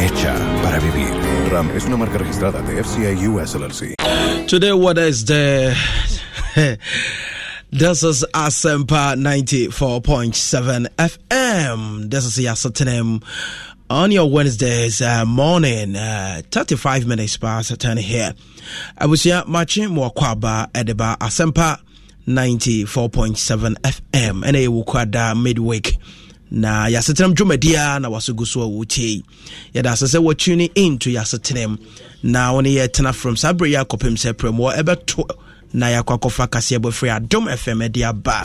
hecha para vivir. Ram es una marca registrada de FCI US LLC. Today, what is the. this is Asempa 94.7 FM. This is Yasatenem on your Wednesdays uh, morning, uh, 35 minutes past 10 here. I was here matching Mwakwaba Edeba Asempa 94.7 FM. And I will midweek na yɛasetenam dwumadiaa na waso gu so a wɔkyei yɛda asɛ sɛ wɔtune into yɛasetenam na wone yɛtena from saa berɛ yɛ akɔpem sɛ prɛm wɔ ɛbɛto na yɛakɔ akɔfa kaseɛ bɔfiri adom fm de aba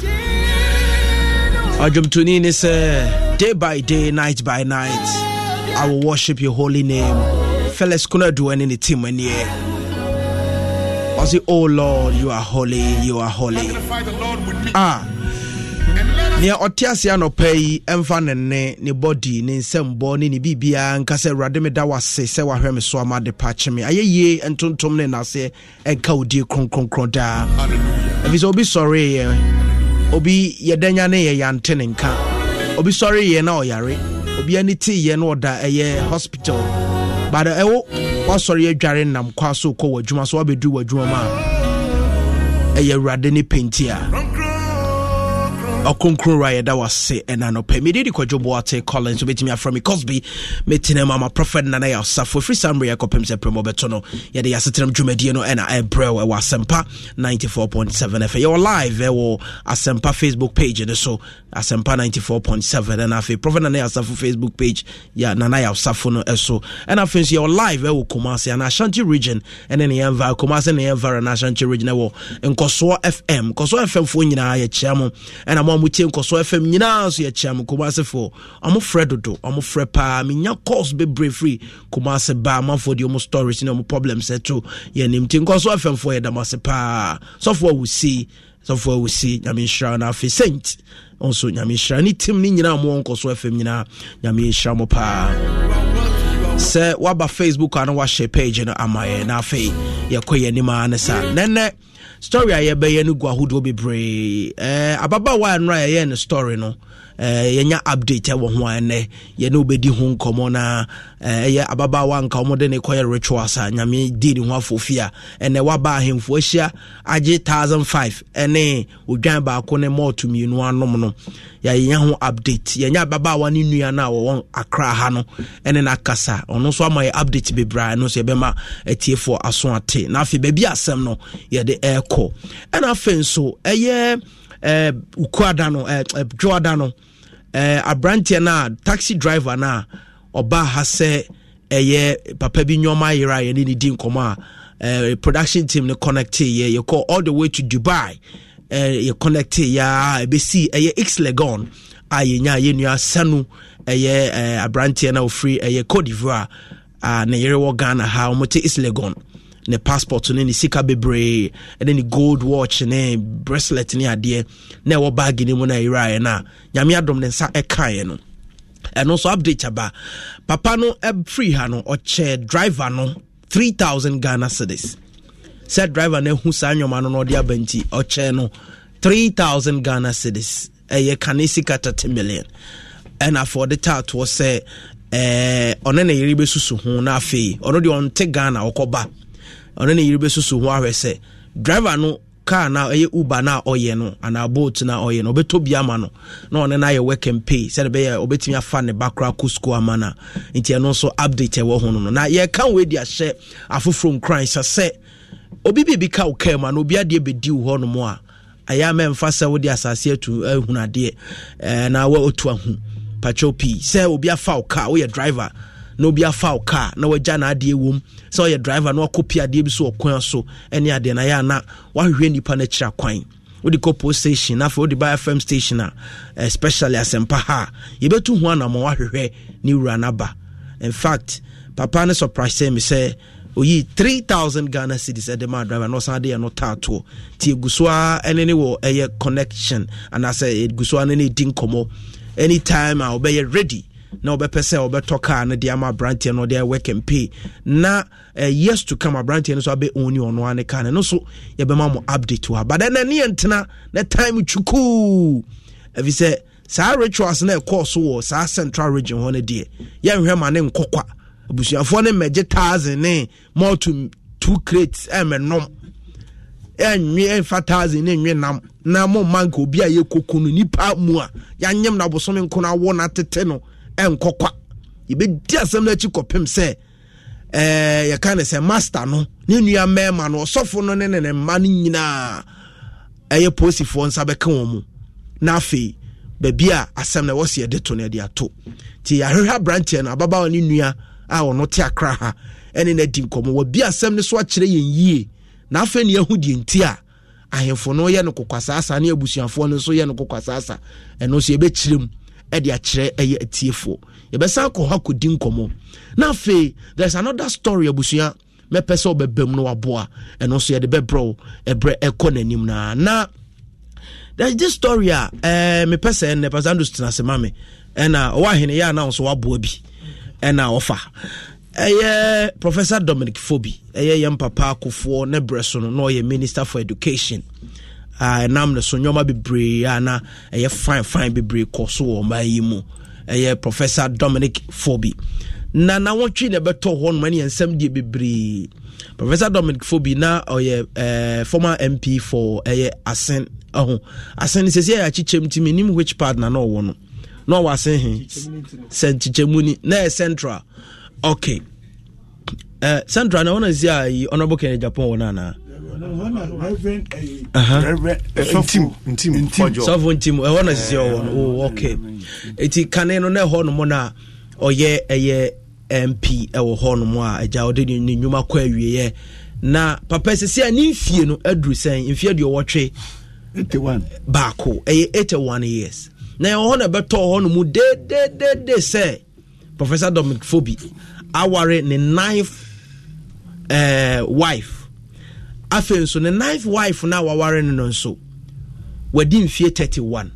adwomtoni ne sɛ day by day night by night i will worship your holy name felis konaduane ne tim aniɛ ɔse oh lord you are holy you are holy ah nea ɔte ase anɔpa yi ɛmfa ne nne ne bɔdi ne nsɛmbɔ ne ne biribiaa nka sɛ awurade meda wase sɛ wahwɛ me so ama de pa me ayɛ ntontom ne nnaseɛ ɛnka odie kronkronkron daa ɛfiri sɛ obi sɔreeɛ obi yɛdanya ne yɛ yɛante ne nka obi sɔreeɛ na ɔyare obi ani teeɛ na ɔda ɛyɛ hospital but ɛwo wasɔre adware nam kwa so kɔ w'adwuma so wabɛduru w'adwuma mu a ɛyɛ awurade ne penti a ɔkronkronra yɛda wase ɛna nɔpɛ mede de kwadwo boate collins wobɛtumi afrɛ me cosby metenam ama Prophet nana yɛ ɔsafo ɛfiri saa mmerɛ yɛkɔpem sɛ prɛmɔ bɛto no yɛde yɛasetenam dwumadie no ɛna ɛbrɛw ɛwɔ asɛmpa 94.7 ɛfɛ yɛwɔ live ɛwɔ asɛmpa facebook page no so asɛmpa 94.7 ɛna afei prɔfɛt nana yɛ ɔsafo facebook page yɛ nana yɛ ɔsafo no ɛso ɛna afei nso yɛwɔ live ɛwɔ kumase ana ashanti region ɛne ne yɛmva kumase ne yɛmva ana ashanti region ɛwɔ nkɔsoɔ fm nkɔsoɔ fm foɔ nyinaa yɛkyia mo ɛna mo a motie nkɔso fm nyinaa so yɛkyia m kɔmase foɔ ɔmofrɛ dodo ɔmofrɛ paa menya cos bebree firi kɔmase baa mafoɔ deɛ ɔmo stories ne ɔmo problems ɛto yɛnim nti nkɔso fm foɔ yɛdam ase paa sɔfoɔ awosei sɔfoɔ awosei nyame nhyira no afei saint nso nyame nhyira ne tim ne nyinaa mowɔ nkɔso fm nyinaa nyame nhyira mo paa sɛ woaba facebook a na wahyɛ page no ama yɛ na afei yɛkɔ yɛ anim a ne saa nɛnɛ story a yɛbɛyɛ no gu ahodoɔ bebree ɛɛ ababaawa a nora yɛyɛ ne story no Eh, yɛnya update ɛwɔ ho ɛnɛ yɛne wobɛdi ho nkɔmmɔ na ɛyɛ ababaawa nka ɔmode ne kɔyɛ rituals a nyame di ne ho afofi a ɛnɛ waba ahemfo ahyia agye 1005 ɛne odwan baako ne mɔɔto mmienu anom no yɛyɛ ho update yɛnya ababaawa ne nnua no a wɔwɔ akra ha no ɛne no akasa ɔno nso ama yɛ update bebree ɛno nso yɛbɛma atiefoɔ aso ate na afei baabi asɛm no yɛde ɛrekɔ ɛna afei nso ɛyɛ Eh, ukuada no dwoada eh, eh, no aberanteɛ no a taxi driver no a ɔba ha sɛ ɛyɛ papa bi nnwɔma yerɛ a yɛne ne di nkɔmmɔ a production team no connecteyɛ yɛkɔ all the way to dubai yɛ connecteyɛ a ɛbɛsii ɛyɛ xlegon, legon a yɛnya yɛnnua sanu ɛyɛ aberanteɛ no a ɔfiri ɛyɛ cote divoir a ne yere wɔ ghana ha ɔmote x legon ne passport ne ne sika bebree ɛne ne gold watch ne bracelet ne adeɛ na ɛwɔ baage ne mu na ɛyeraeɛ no a nyame adom ne nsa ɛkaeɛ no ɛno nso update aba papa no firi ha no ɔkyɛ driver no 3000 ghana cedis sɛ driver no ahu saa nnwoma no na ɔde aba nti ɔkyɛ no 3000 ghana cedis ɛyɛ kane sika 30 million ɛna afɔ ɔde taatoɔ sɛ ɔne ne yere bɛsusu ho na afei ɔno deɛ ɔnte ghana ɔkɔba ɔno ne yere bɛsusu ho ahwɛ sɛ driver no kaa na ɛyɛ uber na ɔyɛ no anaa boat na ɔyɛ no ɔbɛtɔ bi ama no na ɔne no ayɛ work and pay sɛde bɛyɛ ɔbɛtumi afa ne ba koraa kɔ school ama no nti ɛno nso update ɛwɔ ho no no na yɛka wei de ahyɛ afoforɔ nkran sɛ sɛ obi biribi ka wo kaa mu ana obi adeɛ bɛdi wo hɔ nom a ɛyɛ amɛmfa sɛ wode asase atu ahunu adeɛ na wɔtu ahu patrol pii sɛ obi afa wo car woyɛ driver na obi afa wo car na wagya n'adeɛ wom sɛ ɔyɛ driver na wakɔpi adeɛ bi so wɔ kwan so ne adeɛ na yɛ ana wahwehwɛ nnipa no akyira kwan wode kɔ post station afei wode ba fm station a especially eh, asɛmpa ha a yɛbɛtu ho anama wahwehwɛ ne wura no aba in fact papa no surprise me sɛ oyi 3000 ghana cities ɛde ma driver na ɔsan de yɛ no taatoɔ nti ɛgu so a ɛne ne wɔ ɛyɛ connection anaasɛ ɛgu so a ne ne ɛdi nkɔmmɔ anytime a wobɛyɛ ready na wɔbɛpɛ sɛ wɔbɛtɔ car no de ama aberanteɛ no ɔde ɛwɛ campaign na uh, years to come aberanteɛ no so abɛ oni ɔno ane car no no so yɛbɛma mo update wa but ɛnɛ ne yɛntena na time twukuu ɛfi sɛ saa rituals na ɛkɔɔ so wɔ saa central region hɔ no deɛ yɛnhwɛ ma ne nkɔkwa abusuafoɔ no mmɛgye thousand ne malto two crates ɛmɛnom ɛnwe ɛmfa thousand ne nwe nam na mo mma nka obi a yɛ koko no nipa mu a yɛanyem na bosome nko no awɔ na atete no ɛnkɔ kwa yɛbɛdi asɛm no akyi kɔpem sɛ ɛɛ eh, yɛka ne sɛ master no ne nua mmarima no ɔsɔfo no ne ne ne mma no nyinaa ɛyɛ polisifoɔ nsa bɛka wɔn mu na afei baabi a asɛm no ɛwɔ si yɛde to no yɛde ato nti yɛahwehwɛ aberanteɛ no ababaawa ne nua a ɔno te akra ha ɛne no adi nkɔmmɔ wɔbi asɛm no so akyerɛ yɛn yie na afei ne yɛahu deɛ nti a ahemfo no yɛ no kokwasaasa ne abusuafoɔ no nso yɛ no kokwasaasa ɛno nso yɛbɛkyerɛ mu de akyerɛ ɛyɛ atiefoɔ yɛbɛsan kɔ hɔ akɔdi nkɔmmɔ na afei there is another story abusua mɛpɛ sɛ ɔbɛbam no waboa ɛno nso yɛde bɛbrɛ ɛbrɛ ɛkɔ n'anim naa na there is this story a ɛɛ mepɛ sɛ ɛnɛ pastor andrews tena ase ma me ɛna ɔwɔ ahene yɛ anan so waboa bi ɛna ɔfa ɛyɛ professor dominic fobi ɛyɛ yɛn papa akofoɔ ne brɛ so no na ɔyɛ minister for education. ɛnam no so nnwoma bebree a na ɛyɛ fine fine bebree kɔ so wɔ ɔman yi mu ɛyɛ professor dominic fobi na na wɔntwe na ɛbɛtɔ hɔ noma ne yɛnsɛm deɛ bebree professor dominic fobi na ɔyɛ ɛɛ eh, former mp for ɛyɛ asen ɛho asen no sɛsi ɛyɛ akyikyɛm timi nim which part na na ɔwɔ no na ɔwɔ asen he sɛnkyikyɛmuni na ɛyɛ central okay uh, central na wɔn na si a honourable kennedy japan wɔ no anaa Eh, eh, eh, sɔfo ntim ɛhɔ na sisi ɔwɔ no oh, ok ɛti kane no na ɛhɔ nom na a ɔyɛ ɛyɛ mp ɛwɔ hɔ nom a agya ɔde ne nnwuma kɔ awieɛ na papa sisi a ne mfie no aduru sɛn mfie deɛ ɔwɔtwe baako ɛyɛ 81 years na ɛwɔ hɔ na ɛbɛtɔ hɔ no mu dededede sɛ professor dominic fobi aware ne ninth uh, wife afei nso ne ninth wife no a waware no no nso wadi mfie 31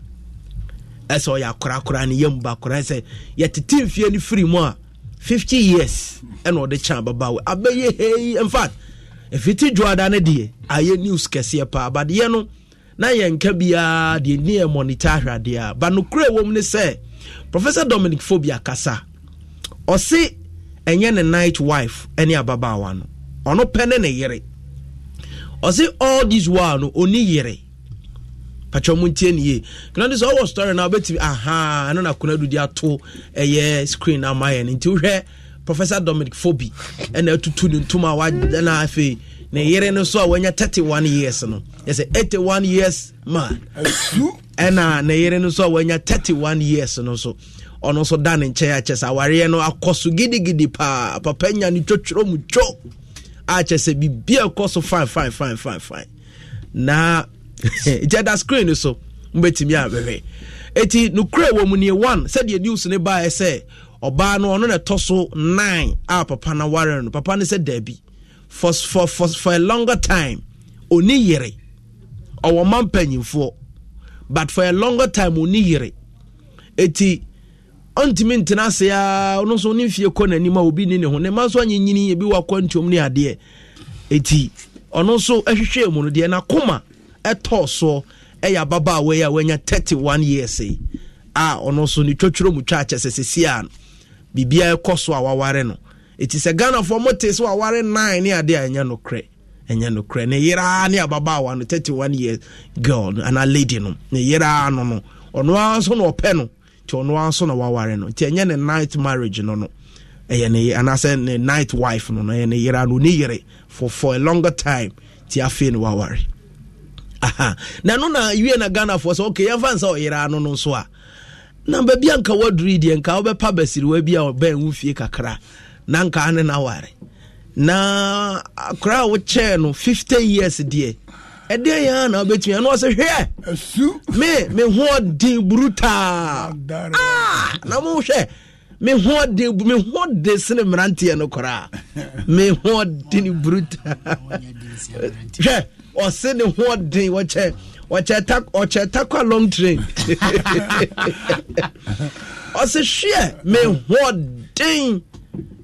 ɛsɛ ɔyɛ akorakora no yam ba akora sɛ yɛtete mfie no firi mu a 50 years ɛna ɔde kyɛn ababaawa abɛyɛ hei infact ɛfiti dwoada no deɛ ayɛ news kɛseɛ paa badeɛ no na yɛnka biara deɛ ni yɛ monitor ahwadeɛ a ba nokora ɛwɔ ne sɛ professor dominic phobia kasa ɔse ɛnyɛ ne night wife ne ababaawa no ɔno pɛ ne ne yere ɔsi all this while no oni yere patwa mu ntie ne yie kunadu sɛ ɔwɔ story na ɔbɛtumi aha ɛno na kunadu de ato ɛyɛ screen ama yɛ no nti wohwɛ professor dominic fobi ɛna atutu ne ntoma wa ɛna afei ne yere no so a wanya 31 years no yɛsɛ 81 years man ɛna ne yere no so a wanya 31 years no so ɔno nso da ne nkyɛn akyɛ sɛ awareɛ no akɔ so gidigidi paa papa nya ne twotwerɛ mu two akyɛ sɛ biribia ɛkɔ so fine fine fine fine fine na gyada screen no so mobɛtumi abɛhwɛ ɛti nokorɛ wɔ mu neɛ one sɛdeɛ news no baɛ sɛ ɔbaa no ɔno na ɛtɔ so nine a papa no ware no papa no sɛ daabi for, for, for, for a longer time ɔni yere ɔwɔ ma mpanyimfoɔ but for a longer time ɔni yere ɛti ɔntumi ntena ase a ɔno nso ne mfie kɔ n'anim a obi ne ne ho ne mma nso anyinyini ebi wɔ akɔ ntuom ne adeɛ eti ɔno nso ɛhwehwɛ mu no deɛ n'akoma ɛtɔɔ soɔ ɛyɛ ababaawa yi a wanya thirty one years yi a ɔno nso ne twotworo mu twa akyɛ sɛ sisi a biribiara ɛkɔ so a waware no eti sɛ ghanafoɔ mo te so aware nine ne adeɛ a ɛnyɛ no korɛ ɛnyɛ no korɛ ne yera ne ababaawa no thirty one years girl ana lady no ne yeraa no no ɔno ara nso na ɔpɛ no nti ɔno nso na waware no nti ɛnyɛ ne night marriage no no ɛyɛ ne anaasɛ ne night wife no no ɛyɛ ne yere no ne yere for for a longer time ti afei ne waware aha na ɛno na wie na ghanafoɔ sɛ okay yɛmfa nsa ɔyere ano no nso a na baabi a nka waduri deɛ nka wobɛpa basiriwa bi a ɔbɛn wo fie kakra na nka ne na ware na akora a wokyɛɛ no 50 years deɛ ɛdeɛ yɛn na wobɛtumi ɛno ɔsɛ hwɛ me me ho ɔden buru taa ah, na mohwɛ me ho ɔden me ho ɔden sene mmeranteɛ no koraa me ho ɔden buru taa hwɛ ɔse ne ho ɔden wɔkyɛ ɔkyɛ ta ɔkyɛ ta long train ɔsɛ hwɛ me ho ɔden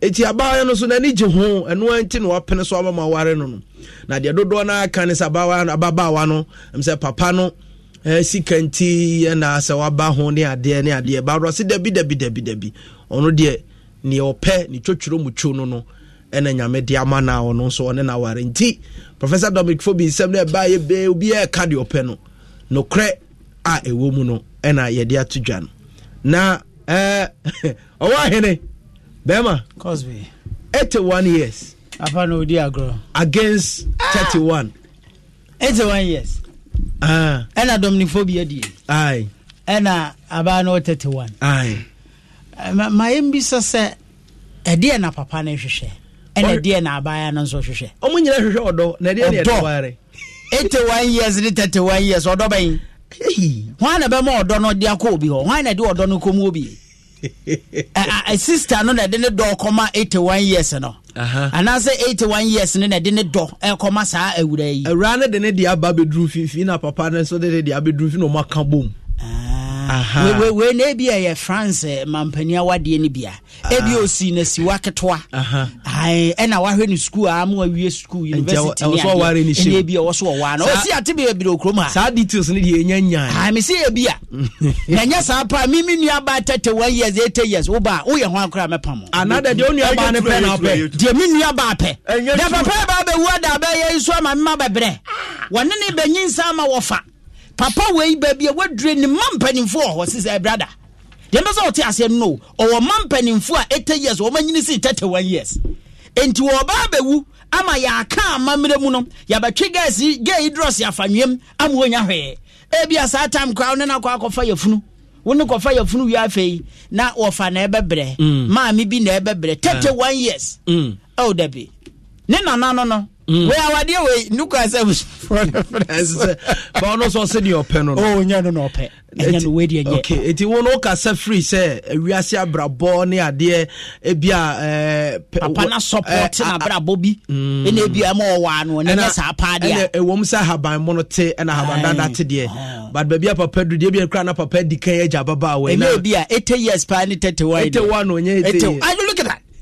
eti abaayewa no so n'ani gye ho ɛno nti na wapene so ama ma ware no no. na deɛ dodoɔ no aka ne sɛ ababaawa no sɛ papa no eh, sika nti ɛna sɛ waba ho ne adeɛ ne adeɛ baworɔ se dabi dabi dabi dabi ɔno deɛ neɛ ɔpɛ ne twotworo mu two no no ɛna nyame de ama no ɔno nso ɔne no aware nti professor dominic fobi nsɛm no ɛbaayɛ bɛɛ obiaa ɛka deɛ ɔpɛ no nokorɛ a ɛwɔ mu no ɛna yɛde ato dwa no na eh, ɔwɔ ahene bɛrima one years Apa na odi agorɔ. against thirty one. eighty one years. ɛna dɔmnifo bi adie. ayi. ɛna abaa na ɔ thirty one. ayi. ma yɛn bi sɛ sɛ ɛdeɛ na papa no hwehwɛ ɛna ɛdeɛ na abaayewa no nso hwehwɛ. ɔmo nyinaa hwehwɛ ɔdɔ na ɛdeɛ na ɛdɔ ware. eighty one years ne thirty one years ɔdɔ bɛyin. hwan na bɛ ma ɔdɔ no de akɔ obi hɔ hwan na de ɔdɔ no obi. A eh, eh, sister no na de ne dɔ kɔma one years no anaasɛ one years no na de ne dɔ ɛkɔma eh, saa awura yi awura no de ne de aba bɛduru fifi na papa no nso de ne de abɛduru fi na ɔmo aka bom ah. wei na ebi a yɛ france eh, mampani awadeɛ ni bia ah. ebi osi na si siwa ketewa ɛna wahwɛ ni school a ama wawie school university ne ɛna ebi a wɔso wɔwaa no osi ate bi ebi okurom ha saa details ni deɛ nya nya ha me se ebi a na nya saa pa mi mi nua ba tete one years eight years wo ba wo yɛ ho akora mɛpam anada deɛ onua ba ne pɛ na pɛ deɛ mi nua ba pɛ deɛ papa ba bɛwu ada bɛyɛ nso ama mma bɛbrɛ ah. wɔne ne bɛnyi nsa ama wɔfa papa wei baabi a wadure ne ma mpanimfoɔ wɔ hɔ sisɛ eh, brada deɛ mpɛ sɛ ɔte aseɛ no ɔwɔ ma mpanimfoɔ a ɛtɛ years wɔma nyini sii tɛtɛ one years enti wɔbaa bɛwu ama yɛaka amammerɛ mu no yɛbɛtwe gasi gai drɔs afanwam ama ɔnya hwee ebia saa time koraa wo ne no akɔ akɔfa yɛfunu wo ne kɔfa yɛfunu wie afei na wɔfa na ɛbɛbrɛ mm. maami bi na ɛbɛbrɛ tɛtɛ one years ɛwo mm. mm. dabi ne nana no no wei awadeɛ wei nukwa sɛ bawo no sɛ ɔsɛ deɛ ɔpɛ no nonya no na ɔpɛ ɛnyɛ no wei deɛ nyɛ okay eti wo no woka sɛ free sɛ awiase abrabɔ ne adeɛ ebi eh, papa na support eh, na abrabɔ bi ɛna mm. ebi a ɛma ɔwɔ ano ɛna ɛnyɛ saa paa deɛ ɛwɔm sɛ ahaban mono te ɛna ahaban dada te deɛ oh. but baabi a papa du deɛ ebi ekura na papa di kan ɛgya ababaawa ɛna ebi a eighty years paa ne thirty one eighty one onye eighty one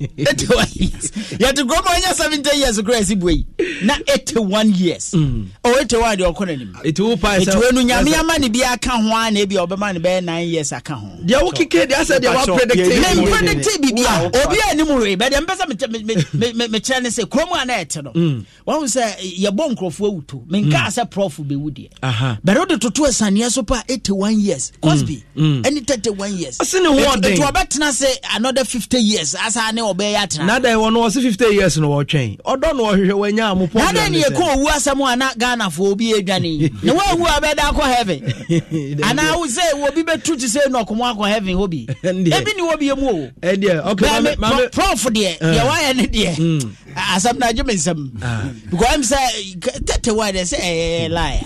81 years yɛte kurom mm. oh, a ɔnyɛ 70 years kora asi bua yi na 81 years ɔ 81 deɛ ɔkɔ n'anim ɛtiwo no nyame ama ne bi aka ho a na ebia ɔbɛma ne bɛyɛ 9 years aka ho deɛ wokeke deɛ asɛ deɛ wapredictemempredicte biribia obi a anim wee bɛdeɛ mpɛ sɛ mekyerɛ ne sɛ kurom a na ɛte no mm. wahu sɛ yɛbɔ nkurɔfoɔ awuto menkaa mm. sɛ prɔfo bɛwu deɛ bɛde wode toto asaneɛ so pa 81 years cosby ɛne 31 years ɛti wɔbɛtena sɛ another 50 years asa ne ɔ ɔbɛyɛ atena nadan wɔ no ɔse 50 years no wɔtwɛn ɔdɔ no ɔhwehwɛ wanya amopɔ nadan ne yɛkɔ owu asɛm ana ghanafoɔ obi ɛdwane yi na woawu a bɛda akɔ heaven anaa wo sɛ wɔbi bɛtu te sɛ no ɔkomo akɔ heaven hɔ bi ɛbi ne wɔ biɛ mu o Prof, deɛ uh. deɛ woayɛ ne deɛ mm. asɛm no agye me nsɛm ah. because m sɛ tɛtɛ wa deɛ sɛ ɛyɛ lie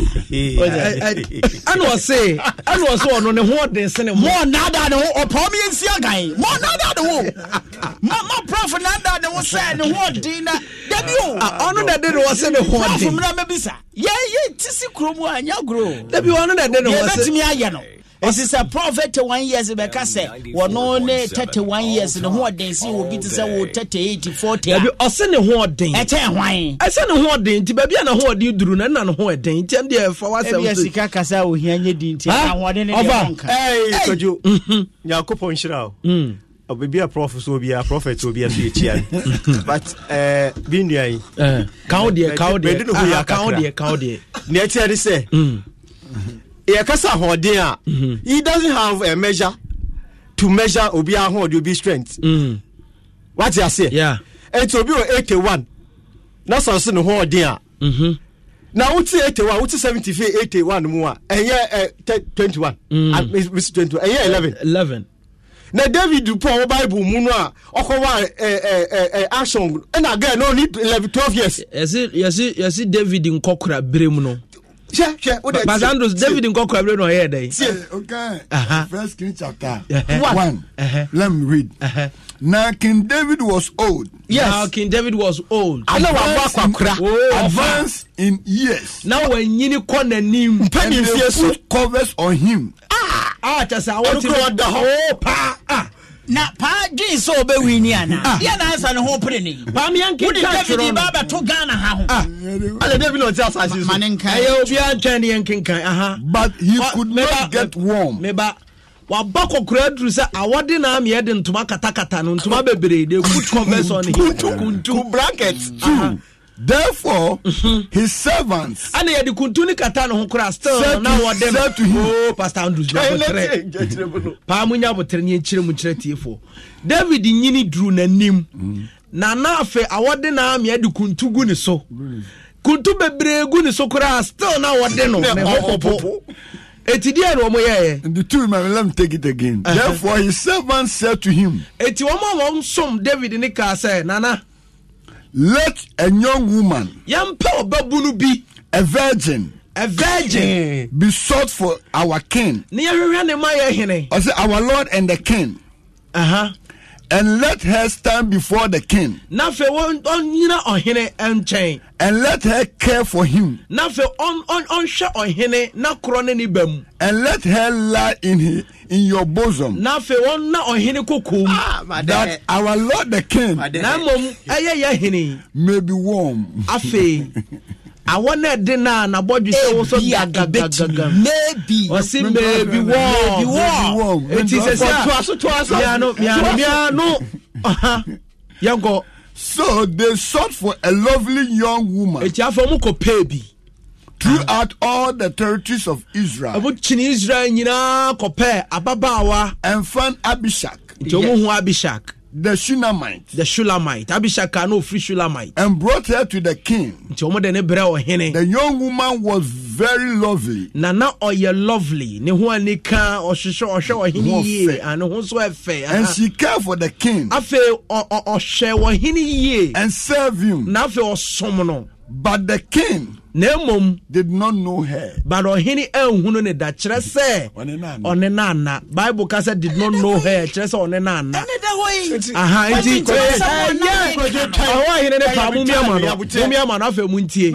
ɛne ɔse ɛne ɔse ɔno ne ho ɔden sene mɔ nada ne ho ɔpɔm yɛnsia gae mɔ nada ne ho ama prof nanda ne ho sɛ ne ho ɔden na dabi o ɔno na de ne wɔ sɛ ne ho ɔden prof mmerɛ mɛbisa yɛ yɛ ti si kurom a nya goro dabi ɔno na de ne wɔ sɛ yɛbɛtumi ayɛ no ɔsi sɛ prof one years bɛka sɛ wɔno ne one years ne ho ɔden si obi te sɛ wo 38 40 dabi ɔsɛ ne ho ɔden ɛkyɛn hwan ɛsɛ ne ho ɔden nti baabi a ne ho ɔden duru na ɛna ne ho ɔden nti ɛn deɛ ɛfa wasɛm so ebi sika kasa ohia nye di nti ahoɔden ne deɛ ɔnka ɛɛ kojú nyankopɔn nhyira o. Mm obibi prof so obi prophet obi a so yɛ kyia but eh, bi nnua yi. kaw deɛ kaw deɛ kaw deɛ kaw deɛ. nea ɛkyɛ de sɛ mm. yɛkasa ahoɔden a mm-hmm. he doesn't have a measure to measure obi ahoɔden obi strength. Mm. wate aseɛ. nti obi wɔ eighty one na sɔn so ne ho ɔden a. Mm-hmm. na wote eighty one wote seventy fi eighty one mu a ɛyɛ eh, twenty one. Mm. Ah, Miss twenty one ɛyɛ eleven. eleven na david pɔ wɔ bible mu no a ɔkɔwa action ɛna again no need eleven twelve years. yɛsi yɛsi yɛsi david nkɔkora bere mu no. hwɛ hwɛ o de. pasandros david nkɔkora bere mu na ɔyɛ ɛdɛ. see okay first king chapter one let me read. na king david was old. yes now king david was old. ana wa bɔ akwakora. advance in years. na wɔn nyini kɔ n'anim. mpɛ ni nfiɛ so. and they put covers on him. ah a awo ti ɔda o oh, paa ah. a. na paa dwi sɛ ɔbɛwi ni ana ah. yɛ na ne ho pere ne wode david ba bɛto ghana ha ho ah. ale david ɔte asase so ɛyɛ obiaa ne yɛnkenkan aha but he could not get warm meba waba kɔkora aduru sɛ awɔde na ameɛ de ntoma katakata no ntoma bebree de good converse on therefore mm-hmm. his servants. ana yɛ de kuntun ni kata ne ho kura still said na wɔ dɛm said to him oh pastor andrews na abotire paa mo nya abotire ni ekyire mo kyerɛ tie fo david nyini duru n'anim mm. na n'afɛ awɔde n'ami ɛde kuntu gu ne so mm. kuntu bebree gu ne so kura still na wɔde no ne ho popo. Eti di ẹnu ọmọ yẹ yẹ. The two men let me take it again. Uh -huh. Therefore his servants said to him. Eti wọn a wọn som David ni kaa sẹ nana let a young woman. yɛmpɛ ɔbɛbunu bi. a virgin. a virgin. be sought for our king. Ni yẹn hwehwẹ ni ma yẹ hinni. ɔsɛ our lord and the king. Uh -huh and let her stand before the king. N'afɛ wɔn ɔnyina ɔhene nkyɛn. And let her care for him. N'afɛ ɔn ɔn ɔnhwɛ ɔhene n'akorɔ ne ne bɛm. And let her lie in he, in your bosom. N'afɛ wɔn na ɔhene koko ah, that our lord the king. Na mmom ɛyɛ yɛ hene. May be warm. Afei. àwọn náà dín náà nàbọ́jú sẹ́ wọ́n sọ gàgàgàgà ọ̀sìn mẹ́ẹ̀bi wọ́ọ̀ etí sẹ́sẹ́ a tuwaso tuwaso mianu mianu mianu ọ̀hán yẹn kọ. so they sought for a lovely young woman. ètí afọmú kò pẹ́ẹ́bì. throughout all the territories of Israel. ẹ̀bùn kìnnì Israel nyinaa kọ̀ pẹ́ẹ́ ababaawa. and found Abishak. ǹjẹ́ o mú hun Abishak the Shulamite. The Shulamite. Abishaka no free Shulamite. And brought her to the king. The young woman was very lovely. Nana oye lovely. Ne ho ani ka ohwehwe ohwe ohene ye and ho so efe. And she cared for the king. Afe ohwe ohene ye. And serve him. Na afe osom But the king na emom did not know her but ɔhene e ne da kyerɛ sɛ ɔne nana bible did not know her kyerɛ sɛ ɔne nana aha nti ɛwɔ eh, eh, eh, ahene ne paa momi ama no momi ama no afei mu ntie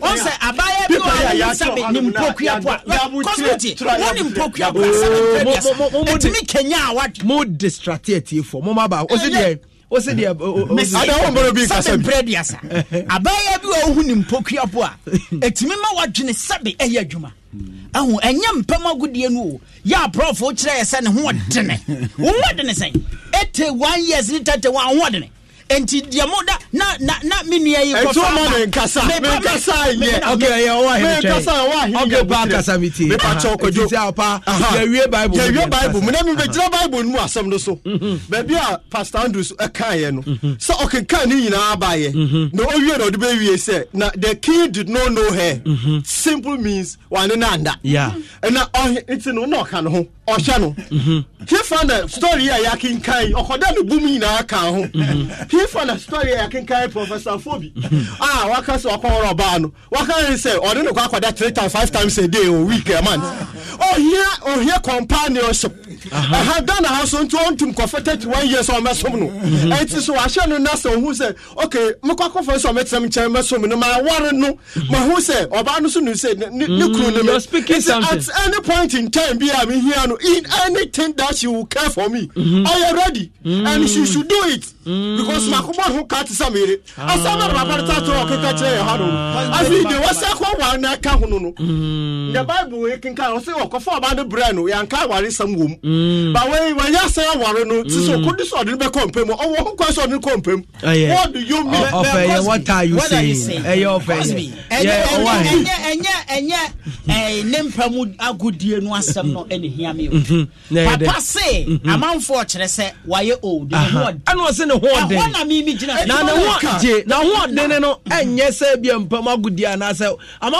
ɔsɛ abayɛ bi po a kɔsmɔti wɔne mpokua po a sɛ mo distrate mo ma ba o si o se deɛ sɛbe brɛ de asa abaayɛ bi a wohu ne mpokuapo a ɛtumi ma wadwene sɛbe eh, ɛyɛ adwuma ɛho ɛnyɛ mpɛm agodie no o yɛ aborɔfoɔ kyerɛ yɛ sɛ ne ho ɔdene ho ɔdene sɛn ɛte 1 years ni tɛtɛ one a ho ɔdene nti deɛ mo da na na na mi nua yi kɔ faama ɛtú ɔmɔ nkasa nkasa yɛ ɔkè ɛyɛ ɔwɔ ahiri kyɛn nkasa ɔwɔ ahiri yɛ ɔkè ba nkasa mi tie mipa kyɛw kojú ɛtí Bible. ɔpa yɛwie baibu yɛwie baibu mu nami bɛgyina baibu nu asɛm no so mhm. baabi a pastor andrews ɛka yɛ no mhm. sɛ ɔkenkan ne nyinaa ba yɛ mhm. na owie na ɔde bɛ wie sɛ na the king did not know her simple means wane na anda ɛna eh, ɔhɛ nti no na ɔka no ho ɔhyɛ no kí fan na story yɛ a yɛ akenkan ɔkɔda ne bum nyinaa kan ho. tifa na story a yɛkenkan professor fobi a ah, waka sɛ wakɔwɔrɔ ɔbaa no waka ne sɛ ɔne ne kɔ akɔda three times five times a day or week eh, ah. oh, oh, uh-huh. a month ɔhia ɔhia companionship ɛha da na ha so nti ɔntum kɔfɛ thirty one years ɔmɛsom no ɛnti so wahyɛ no na sɛ ɔhu sɛ okay mekɔ akɔfɔ sɛ ɔmɛtena nkyɛn mɛsom no ma aware no mahu sɛ ɔbaa no so nu mm-hmm. sɛ ne kuru mm, no mɛ at any point in time bi a mehia no in anything that she will care for me mm-hmm. mm -hmm. ready and she should do it Mm. because mako ho kaa te sɛ meere asɛm ta kyerɛ ɔkeka kyerɛ yɛ ha no afei deɛ kɔ ware na ɛka ho no mm. no nyɛ bible yi kenka ɔsɛ wɔkɔfa ɔba de brɛ no yɛanka aware sɛm wɔ ba wei wɔnyɛ sɛ aware no te sɛ ɔkɔde sɛ ɔde no bɛkɔ mpam ɔwɔ ho kwan sɛ ɔde no kɔ mpam what do you mean ɔfɛyɛ oh, oh, what are you saying ɛyɛ ɔfɛyɛ yɛ ɔwɔ ɛnyɛ ɛnyɛ ne mpa mu agodie asɛm no ɛne hia me mm-hmm. papa se mm-hmm. amanfoɔ kyerɛ na ne ho gye na hoɔden no ɛnyɛ sɛ bia mpam agodi anaasɛ na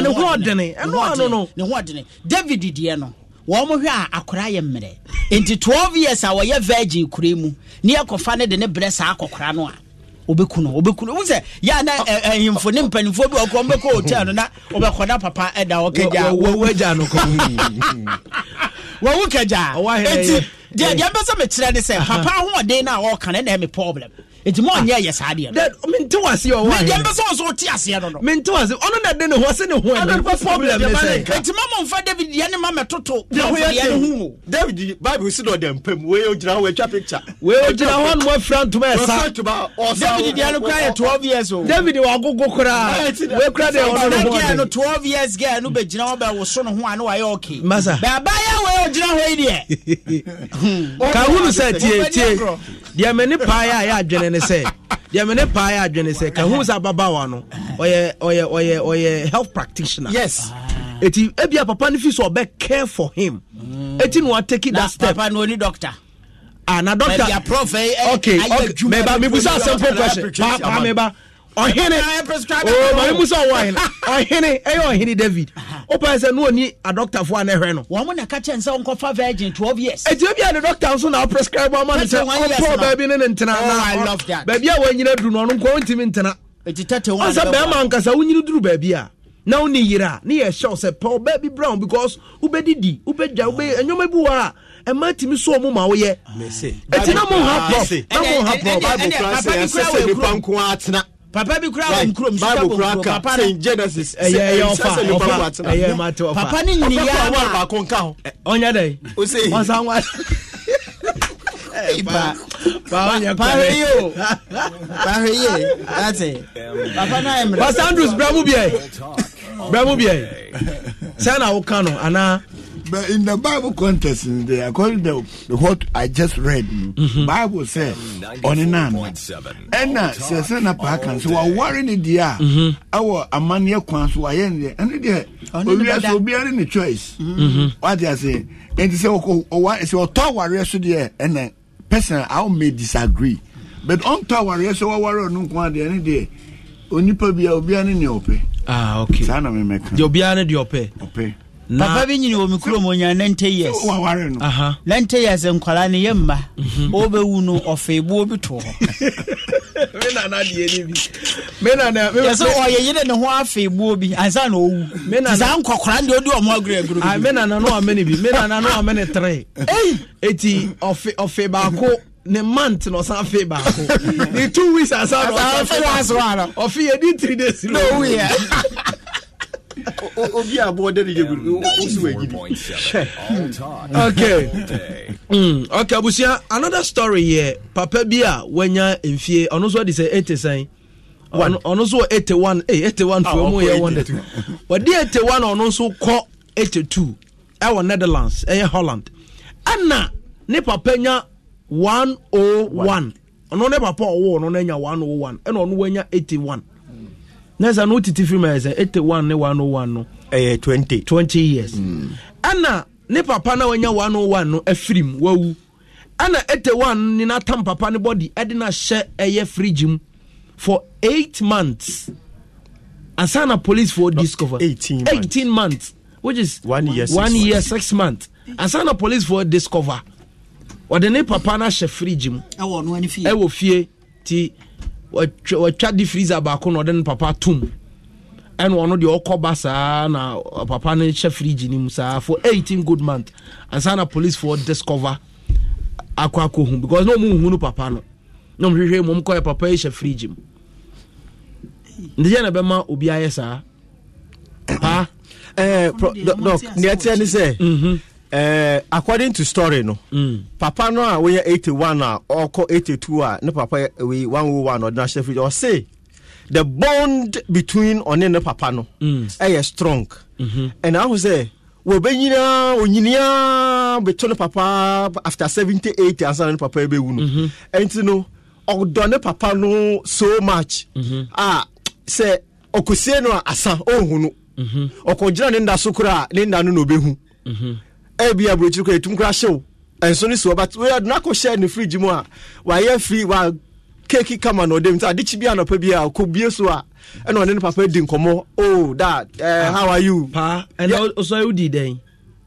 ne hoɔden david deɛ no wɔn mo hwɛ a akora yɛ mmerɛ nti twelve years a wɔyɛ virgin kure mu ne yɛ kɔfa ne de ne brɛ saa akɔkora no a obeku no obeku no wusɛ yà na ɛyìnfo ne mpanyinfo bi ɔkọ ɔbɛkɔ hotel no na ɔbɛkɔda papa ɛda ɔkɛgya wɔwɔgya no kɔ wɔwu kɛgya eti deɛ deɛ mbɛsɛ mi kyerɛ ni sɛ papa ahoɔden na ɔka ne na ɛmi problem nti mo ɔnyɛ yɛ saa deɛ no mente wase ɔwɔ deɛ mpɛ sɛ ɔ so wote aseɛ no no mente wase ɔno na de ne ho sɛ ne ho ɛnɛ problem ne sɛ nti ma mɔmfa david deɛ ne ma mɛtoto deɛ david bible si dɛ ɔda mpam wei ɔgyina hɔ atwa picture wei ɔgyina hɔ no moafira ntoma ɛsa david deɛ no koraa yɛ 12 years o david wɔagogo koraa wei kora deɛ ɔno ne ho no twelve years girl no bɛgyina hɔ bɛwoso ne ho a ne wayɛ okay masa bɛabayɛ wei ɔgyina hɔ yi deɛ hmm. ka hunu sɛ tie deɛ mene paeɛ a yɛ adwene ne sɛ deɛ mene paeɛ a adwene sɛ kahu sɛ ababaawa no ɔyɛ health practitioner yes eti ebi a papa no fi so ɔbɛ care for him mm. eti na watake that step papa no ni doctor ah eh, eh, okay okay oh, meba mebusa simple question paa paa meba ɔhene o maame musa ɔwɔ ɔhene ɔhene eh, ɛyɛ ɔhene david wopɛ sɛ ne ɔni adɔctafoɔ a ne hwɛ no wɔn na ka kyɛn sɛ ɔnkɔfa virgin twelve years ɛti obi a ne doctor nso na prescribe ama ne sɛ ɔmpɔ baabi ne ne ntena na baabi a wɔanyina duru no ɔno nkɔ ɔntimi ntena ɔsɛ bɛrima ankasa wonyini duru baabi a na wone yere a ne yɛhyɛ wo sɛ pɛ ɔbaa bi brown because wobɛdidi wobɛdwa wobɛ ɛnwoma bi wɔ a ɛma tumi so ɔmo ma woyɛ ɛti na mo ha prɔf na mo ha prɔf papa bi kura wɔn kurom sika bɔ kurom papa na genesis ɛyɛ ɛyɛ ɔfa ɔfa ɛyɛ mate ɔfa papa ni nyini yɛ ɔfa baako nka ho ɔnyɛ dɛ ɔsɛ ɔsan wa pa pa ati papa na emira pastor andrews bra mu bia bra mu bia sɛ na woka no anaa. But in the Bible context, in the, according to what I just read, mm-hmm. Bible says on an and uh, now, say send a park mm-hmm. and so I worry the dia our amania kwan so in end and the we so be in the choice. What I say, and say o wa say o to worry so there and person I may disagree. But on talk worry so I worry no kwan day. any there. Onipa bia obiara ne ne ɔpɛ. Ah okay. Saa na me mɛka. Deɛ obiara ne deɛ papa bi nyini wɔ me kurom ɔnya 90 years waware no uh-huh. 90 years nkwala ne yɛ mma ɔbɛwu mhm. no ɔfei boɔ bi to hɔ me nana deɛ ni bi me nana me sɛ ɔyɛ yere ne ho afei boɔ bi ansa na ɔwu me nana saa nkɔkora deɛ ɔdi ɔmo agorɔ agorɔ ah, bi me nana no amene bi me nana no amene tere eti ɔfe ɔfe baako ne month na ɔsan fe baako ne two weeks asan na ɔsan fe baako ɔfe yɛ di three days na yɛ obi a bɔ dɛ de yɛ gulu osu wɛ gidi. okay mm, okay abusua another story yɛ papa bi a wanya mfie ɔno nso de sɛ eighty sɛn ɔno nso wɔ eighty one Eh. eighty one fo ɔmo yɛ one two wɔde eighty one ɔno nso kɔ eighty two ɛwɔ netherlands ɛyɛ holland ɛna ne papa nya one oh one ɔno ne papa ɔwɔ ɔno na nya one oh one ɛna ɔno wanya eighty one na sɛ no wotete firi ma ɛ sɛ 81 ne 101 no ɛyɛ 20 20 years mm. ɛna ne papa na wanya 101 no afiri mu wawu ɛna 81 ne natam papa ne bɔde ɛde no ahyɛ ɛyɛ fridge mu for 8 months ansa na police for discover 18 months. 18 months which is one year six year months. six months ansa na police for discover wɔde ne papa no ahyɛ fridge mu ɛwɔ fie ti watwa de freezer baako na ɔde no papa tom ɛna ɔno deɛ ɔkɔ ba saa na papa no hyɛ fridge no mu saa for 18 good month ansa na for discover akɔ akɔhu because na ɔmuhu no papa no na ɔmhwehwɛ mu ɔmkɔyɛ papa yi hyɛ fridge mu nti yɛ na bɛma obi ayɛ saa pa dɔk neɛ teɛ ne sɛ mhm. Uh, according to story no mm. papa no a wɔyɛ 81 a ɔkɔ 82 a ne papa wei 101 ɔde nahyɛ fridge ɔse the bond between ɔne ne papa no ɛyɛ mm. Ɛyɛ strong ɛna mm-hmm. ahu sɛ wɔbɛnyinaa onyinaa bɛtɔ ne papa after 78 ansa ne papa bɛwu no mm -hmm. ɛnti no ɔdɔ ne papa no so much a mm -hmm. a sɛ ɔkɔsie no a asa ɔnhu no mm-hmm. ɔkɔgyina ne nda so a ne nda no na ɔbɛhu mm-hmm. ebi aburokyiri kora etum kora hyew nso ne si but wɔyɛ ɔdun akɔ hyɛ ne fridge mu a wɔayɛ free wa keeki kama na ɔdɛm nti adekyi bi anɔpɛ bi a kɔ bie so a ɛna ɔne ne papa di nkɔmɔ oh dad uh, eh, ah. how are you. pa, ɛna ɔsɔ ewu di dɛn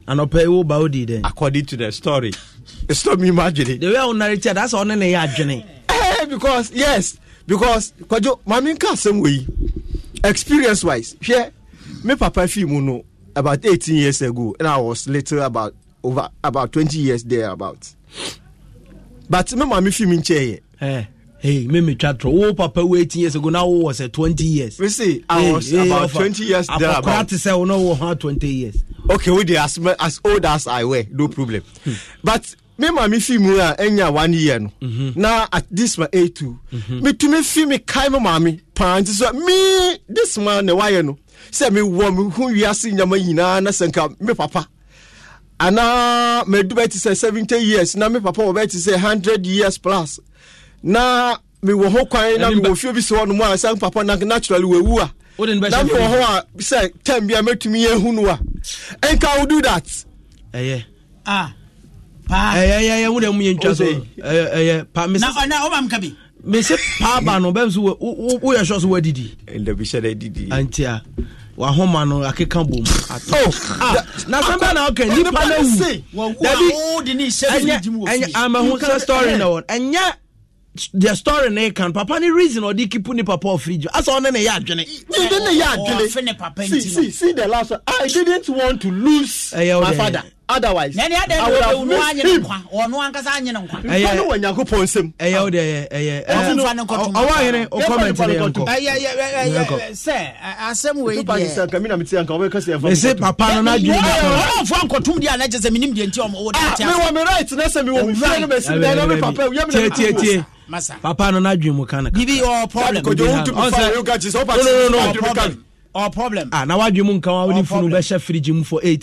anɔpɛ ewu ba o di dɛn. according to the story. the story mu adwene. the way a wɔn narrative that's ɔne ne yɛ adwene. ɛɛ eh, because yes because kwajo maame nka asɛm wɔ yi experience wise hwɛ me papa fi mu no about 18 years ago, and I was later about over about 20 years there about. But my me film in chair. Hey, hey, me chatro. Oh, papa, 18 years ago now was a 20 years. We see, I hey, was hey, about hey, 20 years I there. I forgot to say, no, 20 years. Okay, we well, as as old as I were, no problem. Hmm. But me maame fi mu a one year no mhm. na at this ma eight two me fi me kae me maame paa nti so me this man na wayɛ no sɛ mewɔ mehu wiase nyama nyinaa na sɛ nka me papa anaa madu bɛte sɛ 70 years na me papa wɔbɛte sɛ 100 years plus na mewɔ ho kwan na mewɔ fie bi sɛ hɔ nom a sɛ papa na naturally wawu a na mewɔ hɔ a sɛ tam bi mɛtumi yɛhu no a ɛnka wo do that ɛyɛ ah ɛyɛ yɛ wo dɛ mu yɛntwa so ɛyɛ pa mesna ɔma mka bi mese paaba no bɛm so woyɛ sɔ so woadidi dabi hyɛ dɛ didi antia wahoma no akeka bom oh, ah, na sɛm bɛ na woka nnipa no wudabi amahu sɛ story na wɔn ɛnyɛ the story ne kan papa ne reason ɔde kipu ne papa ɔfiri gyo asɛ ɔne ne yɛ adwene ɔde ne yɛ adwene see the last one i didn't want to lose my father otherwise i would have missed him ɔno ankasa anyi ne nkwa. ɛyɛ ɛyɛ wɔn nyanko pɔn nsɛm. ɛyɛ o de ɛyɛ ɛyɛ ɛyɛ ɔwɔ ayɛnɛ o comment ne yɛ nkɔ. ɛyɛ ɛyɛ ɛyɛ sɛ asɛm wo yi deɛ. sisan kamina mi ti yan kan o bɛ kasi ɛfɔ. ɛsɛ papa nana bi. ɔyɔ fɔ nkɔtum di anagye sɛ mi ni mi di nti ɔmɔ o de ti a. mi wɔ mi right ne sɛ mi wɔ mi fɛn mi si dɛ ne mi papa yɛ mi na mi ti masa. papa no n'adwene mu kan. bibi ɔ problem. kojú ohun tó fi fa yóò gàjì sọ pa ti adwene mu kan. ɔ problem. ah na w'adwene mu nkan wa ni funu bɛ hyɛ firiji mu for eight.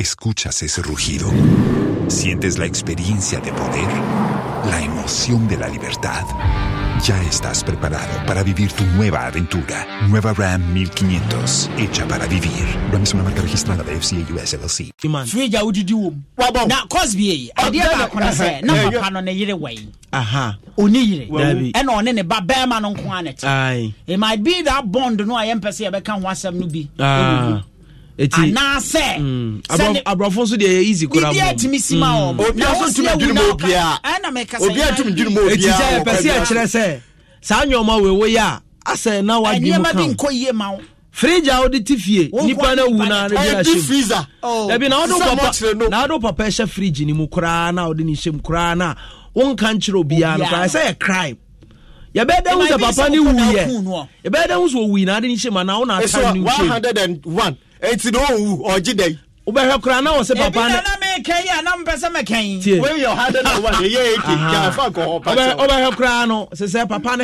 Escuchas ese rugido. Sientes la experiencia de poder, la emoción de la libertad. Ya estás preparado para vivir tu nueva aventura. Nueva Ram 1500, hecha para vivir. Ram es una marca registrada de FCA US LLC. Frija di wo. Um. Wabo. Na Cosby, ade ba kona se, na papa no ne yire wai. Aha. Oni yire. Dabi. E eh, na one ne ba bema no nko anete. Ai. It might be that bond no ayempese e beka ho asem no bi. Ah. anaasɛ mm. aborɔfo nso deɛ yɛ easy kora mu tumi si ma wɔn mm. obia nso tumi dwene mu obia obia tumi dwene mu obia eti sɛ yɛpɛ sɛ yɛkyerɛ sɛ saa nneɛma wo ewo asɛ na wadwi mu kan o fridge a wode te fie nipa no awu na ne bi ahyɛ mu oh. dabi na wode papa na wode papa ɛhyɛ fridge ni mu koraa na wode ni hyɛ mu koraa na wonka nkyerɛ obiara no koraa ɛsɛ yɛ crime yɛbɛda hu sɛ papa ne wuyɛ yɛbɛda hu sɛ owui na ade ne hyɛ mu anaa wona atam ne nhyɛ eti na owu ɔgye dɛ. wobɛhwɛ koraa na wɔ sɛ papa no wobɛhwɛ koraa no sɛ sɛ oh, papa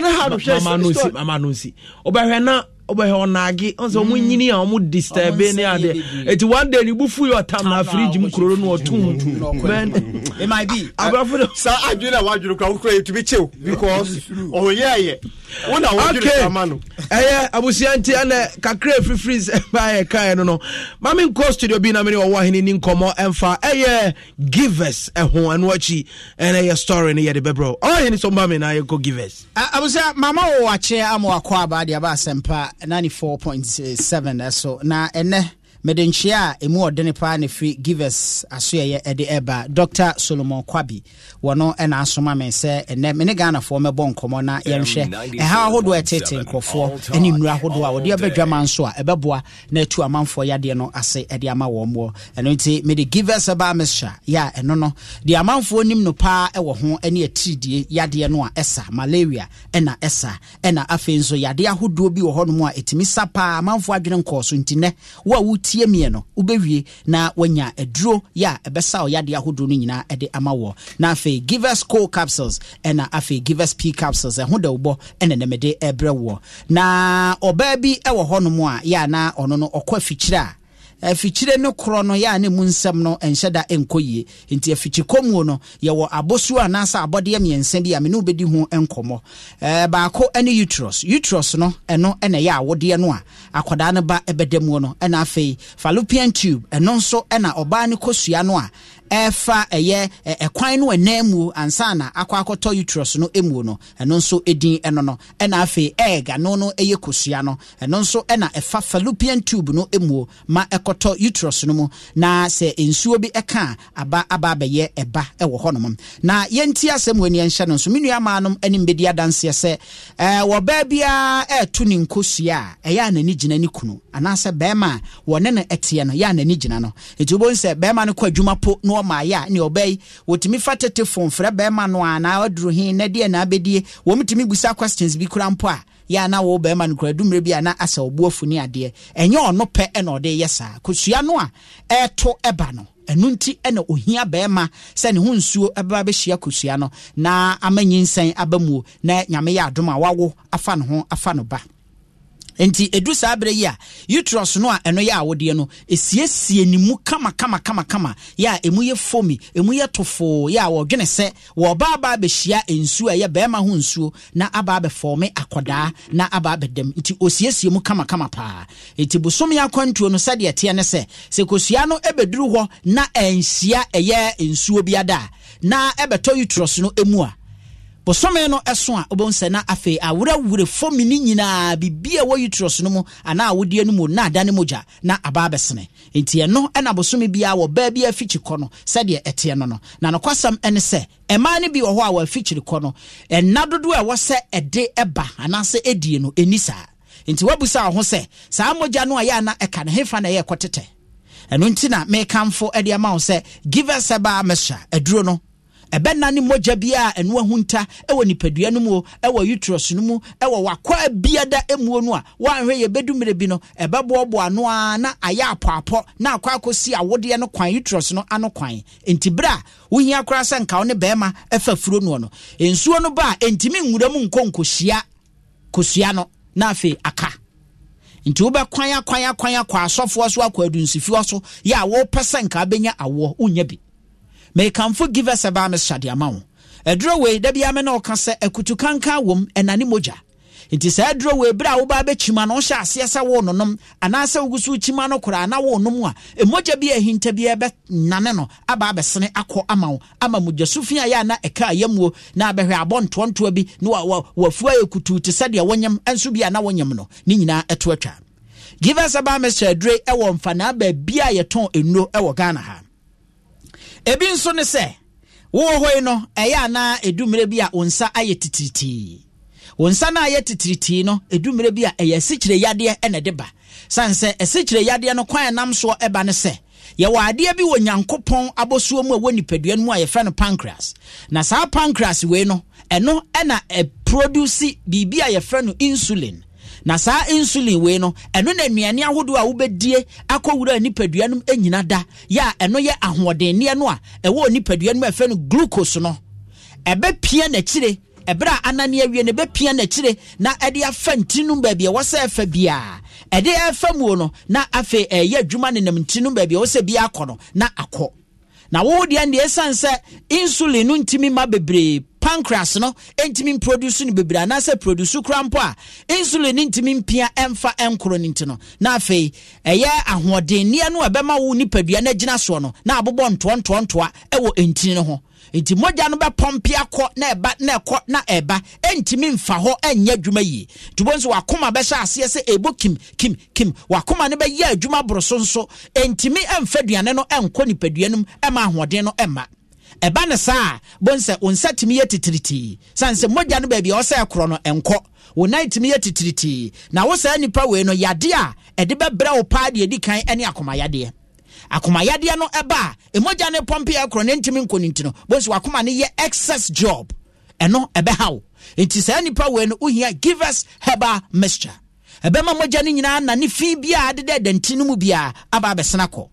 no ha no mama no nsi wobɛhwɛ na wobɛhɛ ɔnaage sɛ ɔmo nyini a ɔmo disturbe ne adeɛ ɛti one day ne bu fu yɛ ɔtam na afirigye mu kuroro no ɔtom abrafo sɛ adwene a wadwene kora wokora yɛtumi kyew because ɔyɛɛyɛ ɛyɛ abusua nti ɛnɛ kakra fifiri sɛ ba yɛ kaeɛ no no mame nkɔ studio bi na mene wɔwɔ ahene ni nkɔmmɔ ɛmfa ɛyɛ givers ɛho ɛno akyi ɛnɛ yɛ story no yɛde bɛbrɛ ɔhene so mba me na yɛnkɔ givers abusua mama wɔ wakyeɛ ama wakɔ aba deɛ aba asɛmpa 94.7 ɛso na ɛnɛ mede nkyea a ɛmu ɔdene paa ne firi givers asoɛyɛ ɛde ɛba dr solomon kwabi wɔno ɛna asoma me sɛ ɛnɛ me ne ghanafoɔ mɛbɔ nkɔmmɔ na yɛnhwɛ ɛha ahodoɔ ɛtete nkurɔfoɔ ne nnura ahodoɔ a wɔde ɛbɛdwama nso a ɛbɛboa na atu amanfoɔ yadeɛ no ase ɛde ama wɔn mɔ ɛno nti mede givers ɛba mesra yɛ a ɛno no deɛ amanfoɔ nim no paa ɛwɔ ho ne atiridie yadeɛ no a ɛsa malaria ɛna ɛsa ɛna afei nso yadeɛ ahodoɔ bi wɔ hɔnom a ɛtumi sa paa amanfoɔ adwene nkɔɔ so nti nɛ wo tie mmiɛ no wobɛwie na wanya aduro yɛ a ɛbɛsa ɔyɛdeɛ ahodoɔ no nyinaa de ama wɔ na afei givers co capsules ɛna afei givers p capsules ɛho da wobɔ ɛna namede ɛbrɛ woɔ na ɔbaa bi wɔ hɔnom a yɛ a na ɔno no ɔkɔ afikyire a afikyire ne korɔ no yɛa ne mu nsɛm no ɛnhyɛ da ɛnkɔ yie nti afikyi kɔmuo no yɛwɔ abosuo anaasɛ abɔdeɛ mmiɛnsa bi a mene wobɛdi ho nkɔmmɔ baako ne uterus uterus no ɛno na ɛyɛ awodeɛ no a akwadaa no ba bɛda muo no ɛna afei fallopian tube ɛno nso na ɔbaa no kɔsua no a ɛfa ɛyɛ ɛkwan no ɛnan mu ansa na akɔ akɔtɔ uterus no mu no ɛno nso din ɛno no ɛna afei ɛɛga no no ɛyɛ kosua no ɛno nso ɛna ɛfa fallopian tube no mu ma ɛkɔtɔ uterus no mu na sɛ nsuo bi ɛka aba aba abɛyɛ ɛba ɛwɔ hɔnom na yɛnti asɛm wɔ ani ɛnhyɛ no nso me nua maa nom anim bɛdi adanseɛ sɛ ɛɛ wɔ baa biara ɛɛto ne nkosua a ɛyɛ a n'ani gyina ne kunu anaasɛ bɛrima a ne no ɛteɛ no yɛ a n'ani gyina no etu wobɛhu nsɛ bɛrima no kɔ adwuma po no hɔ ma ayɛ a ne ɔbɛ yi wɔtumi fa tete fon frɛ bɛrima no a na ɔduru hin na deɛ na abɛdie wɔn busa questions bi kora mpo a yɛ a na wɔ bɛrima no kura dumire bi a na asa ɔbu afuni adeɛ ɛnyɛ ɔno pɛ ɛna ɔde yɛ saa kosua no a ɛɛto ɛba no ɛno nti ɛna ohia bɛrima sɛ ne ho nsuo ɛbɛba bɛhyia kosua no na ama nyinsɛn abamuo na nyame yɛ adom wawo afa ne ho afa no ba nti edu saa abere yi a uterus no a ɛno yɛ awodeɛ no esiesie ne mu kama yɛ a emu yɛ fomi emu yɛ tofoo yɛ a wɔdwene sɛ wɔba aba abɛhyia nsuo a ɛyɛ bɛrima ho nsuo na aba abɛfɔme akɔdaa na aba abɛdam nti osiesie mu kama paa nti bosom yɛ akwantuo no sɛdeɛ teɛ ne sɛ sɛ no ebɛduru hɔ na ɛnhyia ɛyɛ nsuo bi na ɛbɛtɔ uterus no emu a bosome no ɛso a wobɛhu sɛ na afei awerɛwerɛ fomi no nyinaa biribia wɔ utrus no mu anaa awodeɛ no mu na ada ne mogya na aba abɛsene enti ɛno ɛna bosome biara wɔ baa bi afikyiri kɔ no sɛdeɛ ɛteɛ no no na nokwasɛm ɛne sɛ ɛmaa no bi wɔ hɔ a wɔafikyiri kɔ no ɛna dodoɔ ɛwɔ sɛ ɛde ɛba anaasɛ ɛdie no ɛni saa nti wabusa wo ho sɛ saa mogya no a yɛ ana ɛka ne hefa na ɛyɛ kɔtetɛ ɛno nti na mekamfo ɛde ama wo sɛ give us ɛbaa mesra aduro no ɛbɛnane mogya biaa ɛno ahunta ɛwɔ nipadua no mu o ɛwɔ utros no mu ɛwɔ wakwaa biada ɛmuo no a woanhwɛ yɛbɛdu mmerɛ bi no ɛbɛboaboa no a na ayɛ apɔapɔ na akɔ akɔsi awodeɛ no kwan utros no ano kwan enti berɛ a wohia koraa sɛ nka ne bɛrima ɛfa furo noɔ no nsuo no ba a ɛntimi nwura mu nkɔ nkɔhyia kosua no na afei aka nti wobɛkwan akwan akwan akɔ asɔfoɔ so akɔ adunsifioɔ so yɛ a wopɛ sɛ nka bɛnya awoɔ wonya bi mekamfo give us ɛbaa me hyade ama wo ɛdurɔ da bia me na ɔka sɛ akutu kanka wom ɛnane mogya nti saa aduro wɔ a woba abɛkyima no wohyɛ aseɛ sɛ wo anaasɛ na a mogya bi ahinta bi bɛnane no aba abɛsene akɔ ama wo ama a yɛ ana na ɛka na abɛhwɛ abɔ ntoantoa bi na wafu ayɛ kutuu te sɛdeɛ wonyam nso bi a na wonyam no atwa give us mr ebi nso ne sɛ wowɔ hɔ yi no ɛyɛ anaa edumere bi a wo nsa ayɛ titiritii Wɔn nsa no ayɛ titiritii no edumere bi a ɛyɛ asikyire yadeɛ na ɛde ba san sɛ asikyire yadeɛ no kwan nam soɔ ɛba ne sɛ yɛwɔ adeɛ bi wɔ nyankopɔn abosuo mu a ɛwɔ nipadua no mu a yɛfrɛ no pancreas na saa pancreas wei no ɛno na ɛproduce biribi a yɛfrɛ no insulin na saa insulin wei no ɛno na nnuane ahodoɔ a wobɛdie akɔ wura nipadua no nyina da yɛ a ɛno yɛ ahoɔdenneɛ no a ɛwɔ nipadua no mu ɛfɛ no glucose no ɛbɛpia n'akyire ɛberɛ a anane awie no ɛbɛpia n'akyire na ɛde afa nti no baabi ɛwɔ sɛ ɛfa biara ɛde ɛfa muo no na afei ɛyɛ adwuma nenam nti no baabi ɛwɔ sɛ bi akɔ no na akɔ na wo deɛ deɛ ɛsiane sɛ insulin no ntumi ma bebree pancreas no ntumi produce no bebree anaasɛ produce kora mpo a insulin no ntumi mpia ɛmfa ɛnkoro no nti no na afei ɛyɛ ahoɔdenneɛ no a ɛbɛma wo nipadua no agyina soɔ no na abobɔ ntoa ntoa ntoa ɛwɔ ntini no ho nti mogya no bɛpɔmpe akɔ na ɛba na ɛkɔ na ɛba ɛntumi mfa hɔ ɛnyɛ adwuma yie nti wɔn nso wakoma bɛhyɛ aseɛ sɛ ebo kim kim kim wakoma no bɛyɛ adwuma boro so nso ntumi ɛmfa aduane no ɛnkɔ nipadua no mu ɛma ahoɔden no ɛma ɛba ne saa bon sɛ wo nsa tumi yɛ titiritii sane sɛ mogya no baabi a ɔsɛ ɛkorɔ no ɛnkɔ wo nan tumi yɛ titiritii na wo saa nnipa wei no yadeɛ a ɛde bɛbrɛ wo paa deɛ ɛdi kan ne akomayadeɛ akomayadeɛ no ɛba a ɛmogya ne pɔmpe ɛkorɔ ne ntimi nkɔ no nti no bonso wakoma no yɛ excess job ɛno ɛbɛha wo nti saa nnipa wei no wohia givers heba mixture ɛbɛma mogya no nyinaa na ne fi biaa dedɛ danti no mu biaa aba abɛsena kɔ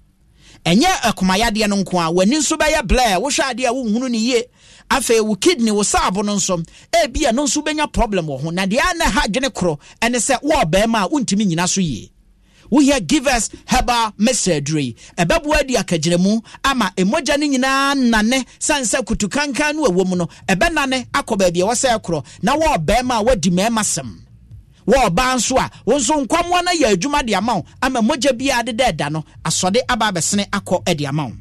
ɛnyɛ akomayadeɛ no nko a w'ani nso bɛyɛ blɛɛ wohwɛ adeɛ a wonhunu no yie afei wo kidney wo saabo no nso ebia no nso bɛnya problem wɔ ho na deɛ a na ha adwene korɔ ɛne sɛ woɔbɛɛma a wontumi nyina so yie woyɛ givers heba mesɛduro yi ɛbɛboa adi akagyinamu ama mmogya no nyinaa nnane sane sɛ kutukankan no ɛwɔ mu no ɛbɛnane akɔ baabi ɛwɔ sɛ ɛkorɔ na wɔɔbɛɛma a wadi mmarima sɛm wɔɔbaa nso a wo nso nkɔmmoa no yɛ adwuma de ama wo ama mogya biara deda ɛda no asɔde aba abɛsene akɔ e de ama wo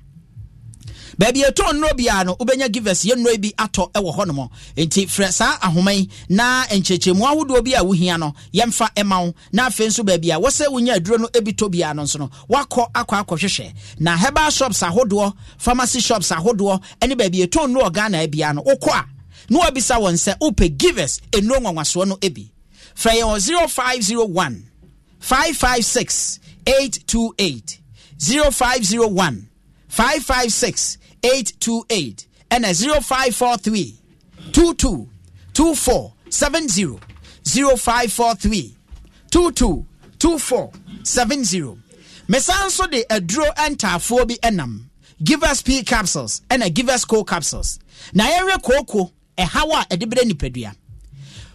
baabi yɛtɔn nnuro biara no wobɛnya givers yɛ nnuro bi atɔ wɔ hɔnom nti frɛ saa ahoma yi na nkyɛkyɛmu ahodoɔ bi a wohia no yɛmfa wo na afei nso baabi a wɔsɛ wonya aduro no bi tɔ biara no nso no woakɔ na herbal shops ahodoɔ pharmacy shops ahodoɔ ne baabi yɛtɔn nnuro ghana biara no wokɔ a na wɔn sɛ wopɛ givers nnuro nwanwasoɔ no bi frɛ wɔ 0501 556 828 556 828 ɛna 0543 22 24 70 0543 22 24 70 mesan nso de aduro ntaafoɔ bi ɛnam give us pea capsules ɛna give us co capsules na yɛhwɛ kooko ɛhaw a ɛde brɛ nipadua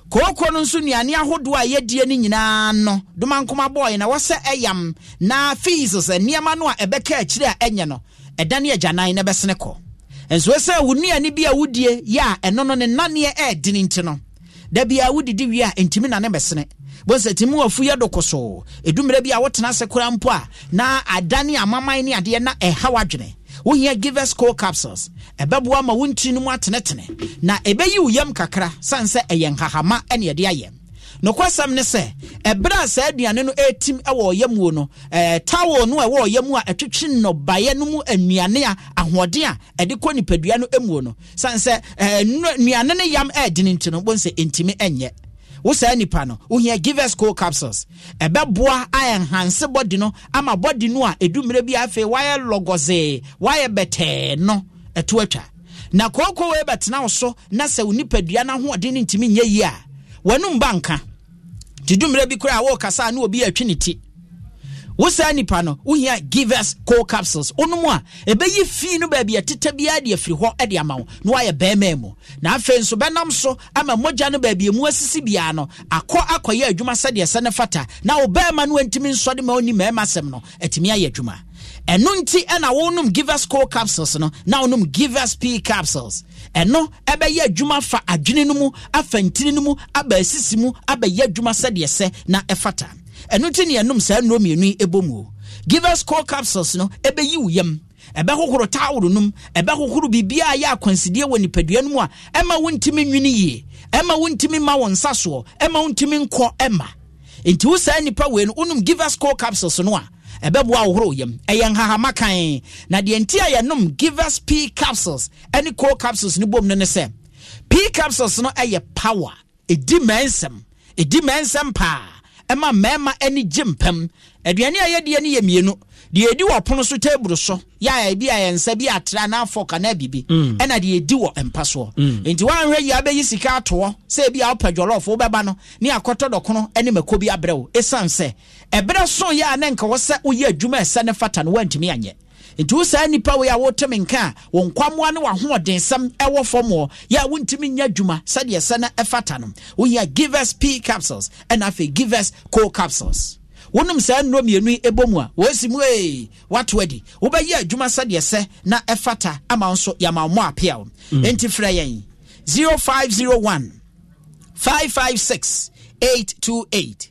kooko no nso nuane ahodoɔ a yɛdie no nyinaa no doma nkoma bɔɔe na wɔsɛ ɛyam na fees nneɛma no a ɛbɛka akyire a ɛnyɛ no ɛda ne agyanan na bɛsene kɔ nso sɛ wo nnuane bi a wodie yɛ a ɛno no ne naneɛ ɛɛdene nti no da biaa wodidi wie a ɛntimi na ne bɛsene bɛsɛ timi wafu yɛ doko so ɛdummerɛ bi a wotena ase kora mpo a na adane amaman ne adeɛ na ɛha wadwene wohia givers cold capsules ɛbɛboa ma wo ntiri no mu atenetene na ɛbɛyi wo yam kakra sane sɛ ɛyɛ nhahama ɛne ɛde nokwasɛm ne sɛ ɛberɛ a saa aduane no ɛretim wɔ ɔyɛ mu no tawo no ɛwɔ ɔyɛ mu a ɛtwetwe nnɔbaeɛ no mu nnuane a ahoɔden a ɛde kɔ nipadua no mu no sane sɛ nnuane no yam ɛredene nti no bɛhu sɛ ɛntimi ɛnyɛ wo saa nipa no wohia givers cold capsules ɛbɛboa a ɛnhanse body no ama body no a ɛdu mmerɛ bi afei wayɛ lɔgɔzee wayɛ bɛtɛɛ no ɛto atwa na kookoo ɛbɛtena wo so na sɛ wo nipadua no ahoɔden no ntumi nyɛ yie a w'anum ba nka nti dumire bi koraa a wɔrekasa ne obi atwi ne ti wosaa nipa no wohia givers cold capsules wonom a ɛbɛyi fii no baabi ɛteta biara de afiri hɔ de ama wo na woayɛ bɛrima mu na afei nso bɛnam so ama mogya no baabi emu asisi biara no akɔ akɔyɛ adwuma sɛdeɛ ɛsɛ no fata na wo bɛrima no antumi nsɔde ma woni mmarima asɛm no atumi ayɛ adwuma ɛno nti ɛna wonom givers cold capsules no na wonom givers p capsules ɛno ɛbɛyɛ adwuma fa adwene no mu afa ntini no mu aba asisi mu abɛyɛ adwuma sɛdeɛ sɛ na ɛfata ɛno nti ne yɛnom saa nnuro mmienu yi ɛbɔ mu o givers call capsules no ɛbɛyi wo yam ɛbɛhohoro taworo nom ɛbɛhohoro biribiaa yɛ akwansidie wɔ nipadua no mu a ɛma wontumi nwini yie ɛma wontumi ma wo nsa soɔ ɛma wontumi nkɔ ɛma nti wo saa nnipa wei no wonom givers call capsules no a ɛbɛboa ahohoro yam ɛyɛ nhahama kan na deɛ nti a yɛnom givers p capsules ɛne cold capsules no bom no ne sɛ p capsules no ɛyɛ power ɛdi mmɛnsɛm ɛdi mmɛnsɛm paa ɛma mmarima ani gye mpam aduane a yɛdeɛ no yɛ mmienu deɛ ɛdi wɔ pono so table so yɛa bi a yɛnsa bi atra na afɔka na abibi mm. ɛna deɛ ɛdi wɔ mpa soɔ mm. nti woanhwɛ yi abɛyi sika atoɔ sɛ bi a wopɛ dwɔlɔfo wobɛba no ne akɔtɔ dɔkono ne mako bi abrɛ wo ɛsiane sɛ ɛberɛ so yɛ a ne nka wɔ sɛ woyɛ adwuma ɛsɛ ne fata no woantumi anyɛ nti wo saa nnipa wei a wotemi nka a wo nkwamoa ne wahoɔdensɛm ɛwɔ fam wɔ yɛ a wontumi nya adwuma sɛdeɛ ɛsɛ no ɛfata no woyɛ givers p capsules ɛna afei givers co capsules wonom saa nnuro mmienu ɛbɔ mu a wɔasi mu ee wato adi wobɛyɛ adwuma sɛdeɛ sɛ na ɛfata ama nso yɛama mmɔ apea wo mm. enti frɛ yɛn 0501 556 828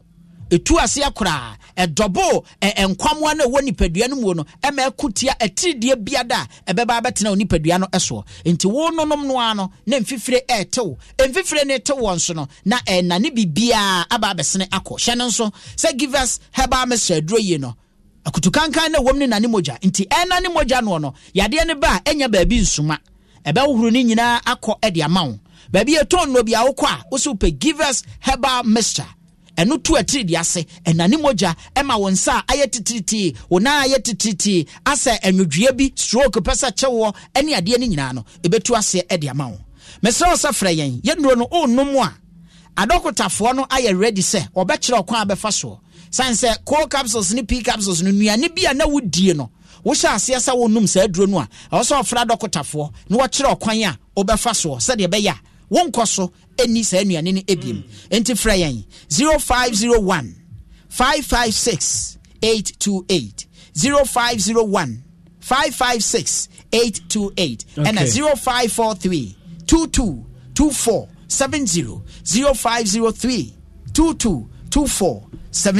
ɛtu ase akoraa ɛdɔbo nkwamoa no ɛwɔ nipadua no muo no ɛma ɛko tia ɛtirideɛ biada a ɛbɛba bɛtena wo nipadua no soɔ nti wo nonom no no na mfifire ɛɛtew mfifire no ɛtew wɔn so no na ɛnane biribiaa aba abɛsene akɔ hyɛ no nso sɛ givers herbal mesra aduro yie no akutu kankan na wɔm ne nane mogya nti ɛna ne mogya noɔ no yadeɛ no ba a ɛnya baabi nsuma ɛbɛhohoro no nyinaa akɔ ɛde ama wo baabi yɛtɔn no bi a wokɔ a wo sɛ wopɛ givers herbal mixture ɛno tu atiri de ase ɛnane mogya ɛma wɔn nsa a ayɛ titiritii wɔn a ayɛ titiritii asɛ ɛnwodua bi stroke pɛ sɛ kyɛwoɔ ɛne adeɛ no nyinaa oh, no ɛbɛtu aseɛ ɛde ama wo mesrɛ sɛ frɛ yɛn yɛ nnuro no ɔnnom a adɔkotafoɔ no ayɛ ready sɛ wɔbɛkyerɛ ɔkwan a bɛfa soɔ sane sɛ coal capsules ne pea capsules no nnuane bi a na wodie no wohyɛ aseɛ sɛ wonum saa aduro no a ɛwɔ sɛ ɔfrɛ adɔkotafoɔ na wɔkyerɛ ɔkwan a wobɛfa soɔ sɛdeɛ ɛbɛyɛ a wɔnkɔ so ɛni saa nnuane no ebiem nti frɛ yɛn 0501 556 828 0501 556 828 ɛna zero three two two two four seven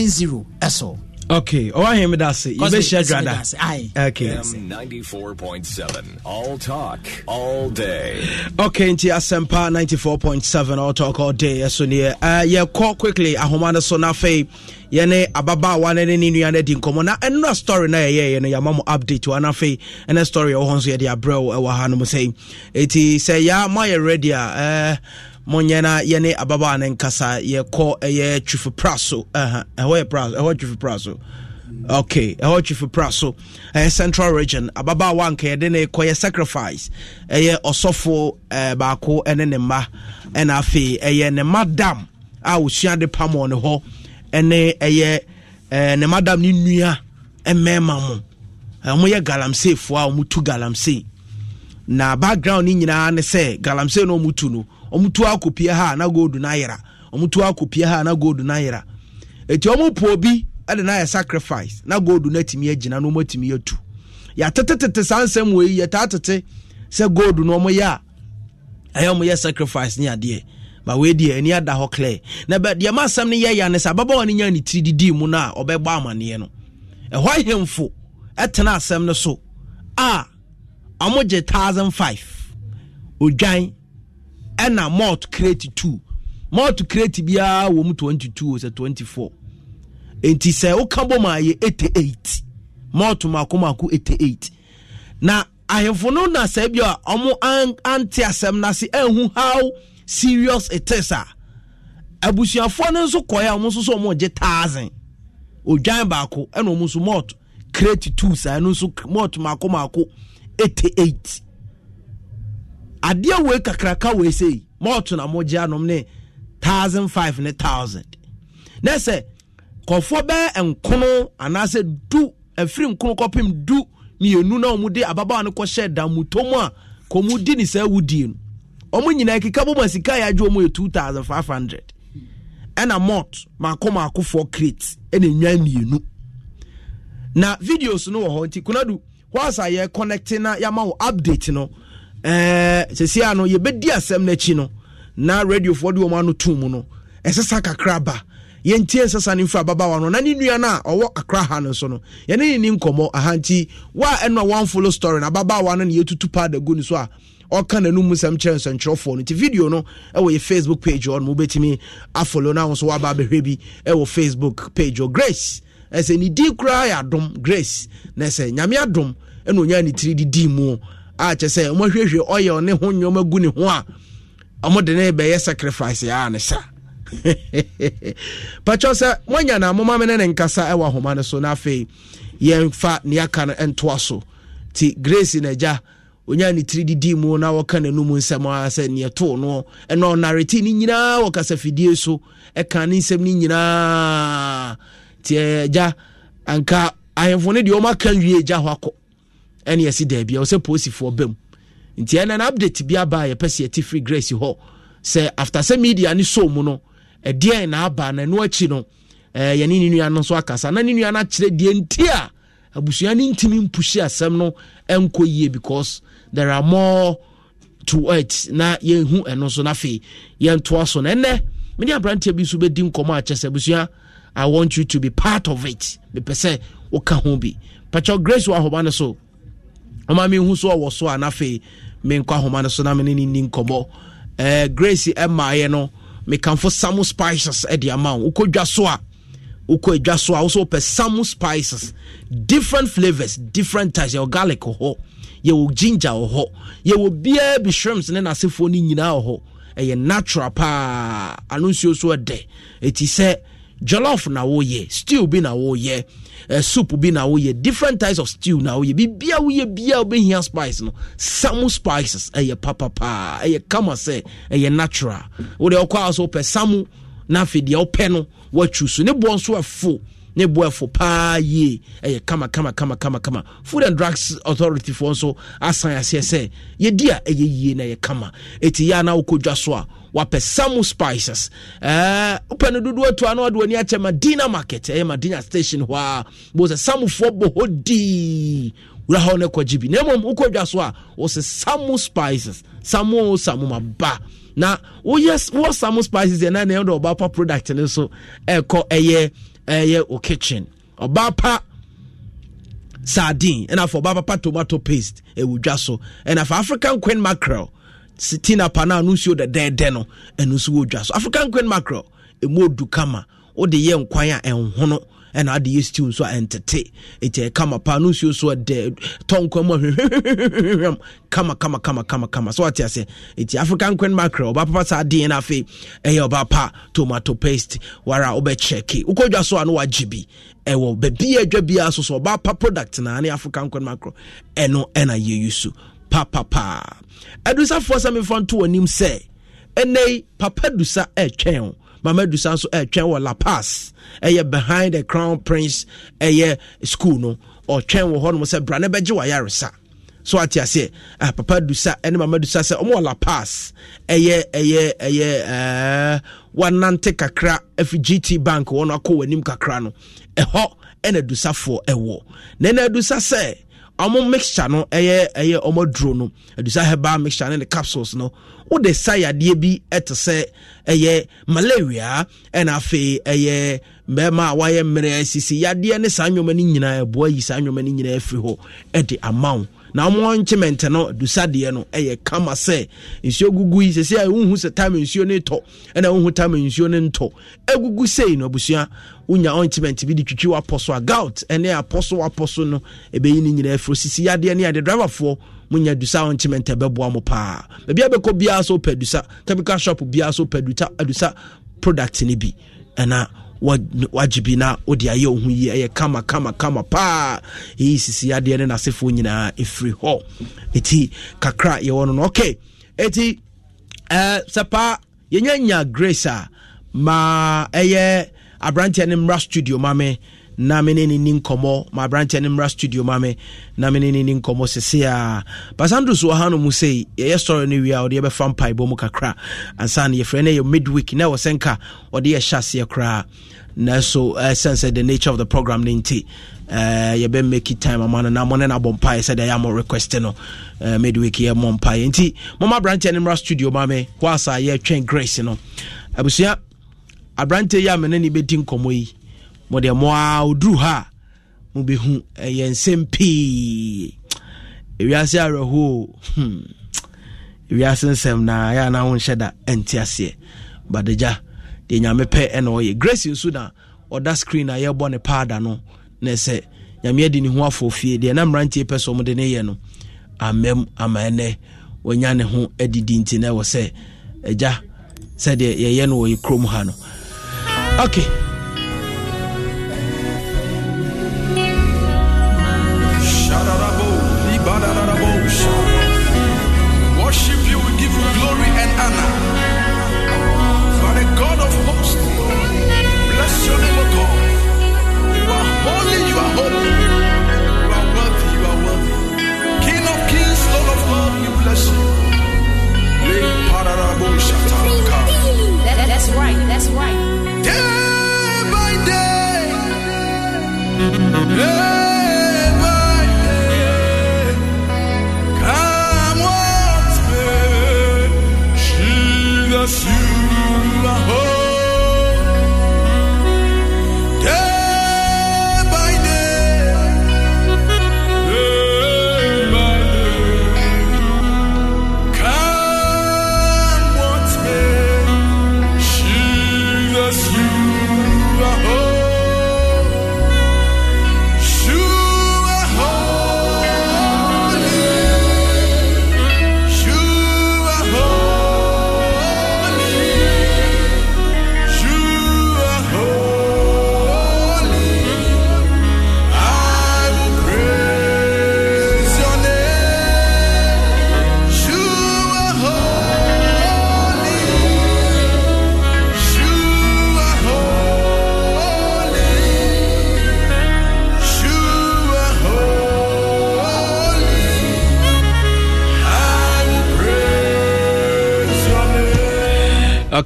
zero ɛso Okay, oh, I hear me that's it. You best share that. Okay. M94.7. All talk, all day. Okay, nti asempa 94.7 all talk all day. Yes, so near. Uh, yeah, call quickly. Ahoma na so fe. yɛne ababa no ne ne nua no di nkɔmmɔ na ɛnora story no ɛyɛyɛ no yɛama mo update wa no ɛne story ɛwɔ hɔ nso yɛde abrɛ wo ɛwɔ ha no mu sɛi ɛti sɛ eh, yɛa moayɛ ready a uh, eh, monyɛ na yɛne ababaa no nkasa yɛkɔ ɛyɛ twifo pra so ɛhɔ yɛ pra twifo pra so okay ɛhɔ twifo pra so ɛyɛ central region ababaa wa nka yɛde ne kɔ yɛ sacrifice ɛyɛ ɔsɔfo ɛɛ baako ɛne ne mma ɛna afei ɛyɛ ne mma dam a osua de pam wɔ ne hɔ ɛne ɛyɛ ne mma dam ne nua mmarima mo ɛmo yɛ galamsey foa a tu galamsey na background ne nyinaa ne sɛ galamsey na wɔn tu no. ɔmo tu akopie ha na gold na ayera ɔmo akopie ha na gold na ayera eti ɔmo po obi ɛde na ayɛ sacrifice na gold na atumi agyina na ɔmo atumi atu yɛatetetete saa nsɛm wɔ yi yɛtaa tete sɛ gold na ɔmo yɛ a ɛyɛ ɔmo sacrifice ne adeɛ ba wei deɛ ani ada hɔ clear na bɛ deɛ ma asɛm no yɛ yɛ ne sɛ ababaawa no nya ne tiri didi mu no a ɔbɛbɔ amaneɛ no ɛhɔ ahemfo ɛtena asɛm no so a ɔmo gye thousand five odwan ɛna malt crate two malt crate biara wɔ mu twenty two sɛ twenty four nti sɛ woka bɔ ma yɛ eighty eight malt mako mako eighty eight na ahemfo no na sɛ bi a ɔmo an ante asɛm n'ase ɛnhu how serious it is a abusuafoɔ no nso kɔɛ a ɔmo nso so ɔmo gye taazin odwan baako ɛna ɔmo nso malt crate two saa ɛno nso malt mako mako eighty eight. adeɛ wei kakraka wei sei ma ɔto na mogye anom ne thousand ne thousand na sɛ kɔfoɔ bɛyɛ nkono anaasɛ du ɛfiri nkono kɔpem du mmienu na ɔmo de ababaawa no kɔhyɛ damuto mu a kɔmo di ne saa wudie no ɔmo nyinaa keka bɔ ma sika yɛ adwo ɔmo yɛ two thousand five hundred ɛna mɔt maako maako foɔ crate ɛna enwa mmienu na videos no wɔ hɔ nti kunadu whilst a yɛ connect na yɛama wɔ update no. sɛsia eh, no yɛbɛdi asɛm no akyi no na radiofoɔ de wɔm ano to no ɛsesa kakra ba yɛntie nsesa no mfiri ababawa no na ne nua no a ɔwɔ akra ha no nso no yɛne ne ni nkɔmmɔ ahanti wo a ɛno a wamfolo story no ababawa no ne yɛtutu paa da gu ne so a ɔka n'anom mu sɛm kyerɛ nsɛnkyerɛfoɔ no nti video no ɛwɔ yɛ facebook page hɔ no mobɛtumi afolo no aho so woaba abɛhwɛ bi ɛwɔ facebook page hɔ grace ɛsɛ ne din koraa yɛ adom grace na ɛsɛ nyame adom ɛna ɔnya ne tiri de dii mu a kyɛ sɛ ɔmahwehwɛ ɔyɛ ne ho nneɔma gu ne ho a ɔmode ne bɛyɛ sacrifice a ne sa patwɛ sɛ moanya no moma me ne ne nkasa ɛwɔ ahoma no so na afei yɛmfa ne no ɛntoa so nti grace nagya onya ne tiri didi mu na wɔka n'anum nsɛm a sɛ neɛ too no ɛna ɔnarete ne nyinaa wɔ kasafidie so ɛka ne nsɛm no nyinaa nti agya eh, anka ahemfo no deɛ ɔmaka nwie gya hɔ akɔ ɛne yɛsi daabi a ɔsɛ polisifoɔ bam nti ɛna no update bi aba a yɛpɛ sɛ yɛte free grace hɔ sɛ after sɛ media ne show mu no ɛdeɛn na aba na ɛno akyi no ɛɛ yɛne ne nua no nso akasa na ne nua no akyerɛ deɛ nti a abusua no ntumi mpusi asɛm no ɛnkɔ yie because there are more to it na yɛnhu ɛno nso na afei yɛntoa so na ɛnɛ mene aberanteɛ bi nso bɛdi nkɔmmɔ akyɛ sɛ abusua i want you to be part of it mepɛ sɛ woka ho bi pakyɛ grace wɔ ahoba no so ɔma mehu so ɔwɔ so ana afei menkɔ ahoma no so na mene ne ni nkɔmmɔ eh, grace ɛmaeɛ no mekamfo samu spices de ama wo wokɔ dwa so a wokɔ adwa so a wo sɛ samu spices different flavors different types yɛwɔ garlic wɔ hɔ yɛwɔ ginger wɔ hɔ yɛwɔ biaa bi shrimps ne n'asefoɔ no nyinaa wɔ hɔ ɛyɛ natural paa ano nsuo so ɛdɛ ɛti sɛ jollof na woyɛ stew bi na woyɛ uh, eh, soup bi na woyɛ different types of stew na woyɛ biribia woyɛ bia wobɛhia spice no samu spices ɛyɛ eh, papapaa ɛyɛ eh, kama sɛ ɛyɛ natural wode ɔkɔ a so wopɛ samu na afei deɛ wopɛ no woatwu so ne boɔ nso ɛfo ne boɔ ɛfo paa yie ɛyɛ kama kama kama kama kama food and drugs authority foɔ nso asan aseɛ sɛ yɛdi a ɛyɛ yie na ɛyɛ kama ɛti yɛ na wokɔdwa so a wapɛ samu spices ɛɛ eh, uh, no dodoɔ to a na wɔde w'ani akyɛ madina market ɛyɛ eh, madina station hɔ a bo sɛ samufoɔ bɔ hɔ dii wura hɔ no kɔgye bi na mmom wokɔ so a wɔsɛ samu spices samu o samu maba na woyɛ wɔ samu spices yɛ na na ɛyɛ ɔbaa pa product no so ɛkɔ ɛyɛ ɛyɛ o kitchen ɔbaa sardine ɛna afɔ ɔbaa pa tomato paste ɛwɔ dwa so ɛna afɔ african queen mackerel Sitina pana a no nsuo dɛdɛɛdɛ no ɛno nso wɔ dwa so african queen Macro ɛmu ɔdu kama wode yɛ nkwan a ɛnhono ɛna ade yɛ stew nso a ɛntete ɛti ɛkama paa no nsuo ɛdɛ tɔnkwa mu ahwehwehwehwehwɛm kama kama kama kama kama so wate ase african queen mackerel ɔba papa saa deɛ no afei ɛyɛ tomato paste wara wobɛkyɛke wokɔdwa so a no wagye bi ɛwɔ baabi a adwa biara so african queen mackerel ɛno ɛna yɛyi papapa adusafoɔ sɛ mefa nto w'anim sɛ ɛnɛ papa dusa ɛretwɛn mama dusa nso ɛretwɛn wɔ la pass ɛyɛ behind the crown prince ɛyɛ school no ɔtwɛn wɔ hɔnom sɛ bra ne bɛgye wayaresa so ate aseɛ ah, papa dusa ɛne mama dusa sɛ ɔmo wɔ la pass ɛyɛ ɛyɛ ɛyɛ ɛɛ eh, wanante kakra ɛfi gt bank wɔn akɔ wɔ anim kakra no ɛhɔ ɛna dusafoɔ ɛwɔ na ɛna dusa sɛ ɔmo mixture no ɛyɛ ɛyɛ ɔmo duro no adusa herbal mixture ne ne capsules no wode sa yadeɛ bi ɛte sɛ ɛyɛ malaria ɛna afei ɛyɛ mbɛɛma a wayɛ mmerɛ sisi yadeɛ ne saa nneɛma no nyinaa ɛboa e yi saa nneɛma no nyinaa ɛfiri e hɔ e ɛde ama na wɔn nkye mɛntɛ no dusadeɛ no ɛyɛ kama sɛ nsuo gugu yi sɛsɛ a wohu sɛ time nsuo no tɔ ɛna wohu time nsuo no ntɔ egugu sei no abusua wonya ointment bi de twitwi wapɔ so a gout ɛne apɔ so no ɛbɛyi no nyinaa afuro sisi yadeɛ ne ade driverfoɔ monya dusa ointment ɛbɛboa mo paa baabi abɛkɔ biara so pɛ dusa chemical shop biara so pɛ dusa product no bi ɛna wagyebi na wode ayɛ wo ho yi ɛyɛ kama kama kama paa ɛyi sisi adeɛ ne n'asefoɔ nyinaa ɛfiri hɔ ɛti kakra yɛwɔ no no okay ɛti uh, eh, sɛ paa yɛnyanya grace a ah, ma ɛyɛ aberanteɛ no mmra studio ma me na mene ne ni nkɔmmɔ ma aberanteɛ no mmra studio ma me na mene ne ni nkɔmmɔ sese a basandro so ɔha no mu sei yɛyɛ sɔre no wie a ɔde yɛbɛfa mpaebɔ mu kakra ansa no yɛfrɛ no yɛ midweek na ɛwɔ sɛ nka ɔde yɛhyɛ aseɛ koraa nanso uh, eh, sense the nature of the program ne nti uh, yɛbɛ make time ama no na mɔne no abɔ mpaeɛ sɛdeɛ ɛyɛ amɔ request no uh, midweek yɛmmɔ mpaeɛ nti moma aberanteɛ no mmra studio ma me hɔ asa yɛtwɛn grace no abusua aberanteɛ yi a mene ne bɛdi nkɔmmɔ yi modeɛ moa woduru ha a mobɛhu ɛyɛ eh, nsɛm pii ewiase awerɛhoo hmm. ewiase nsɛm na yɛ ana wo nhyɛ da ɛnte aseɛ badagya deɛ nyame pɛ ɛna ɔyɛ grace nso na ɔda screen a yɛbɔ ne paada no na sɛ nyame adi ne ho afɔ fie deɛ na mmeranteɛ pɛ sɛ ɔmde ne yɛ no amam ama ɛnɛ wanya ne ho adidi nti na ɛwɔ sɛ agya sɛdeɛ yɛyɛ no wɔyɛ kurom ha no okay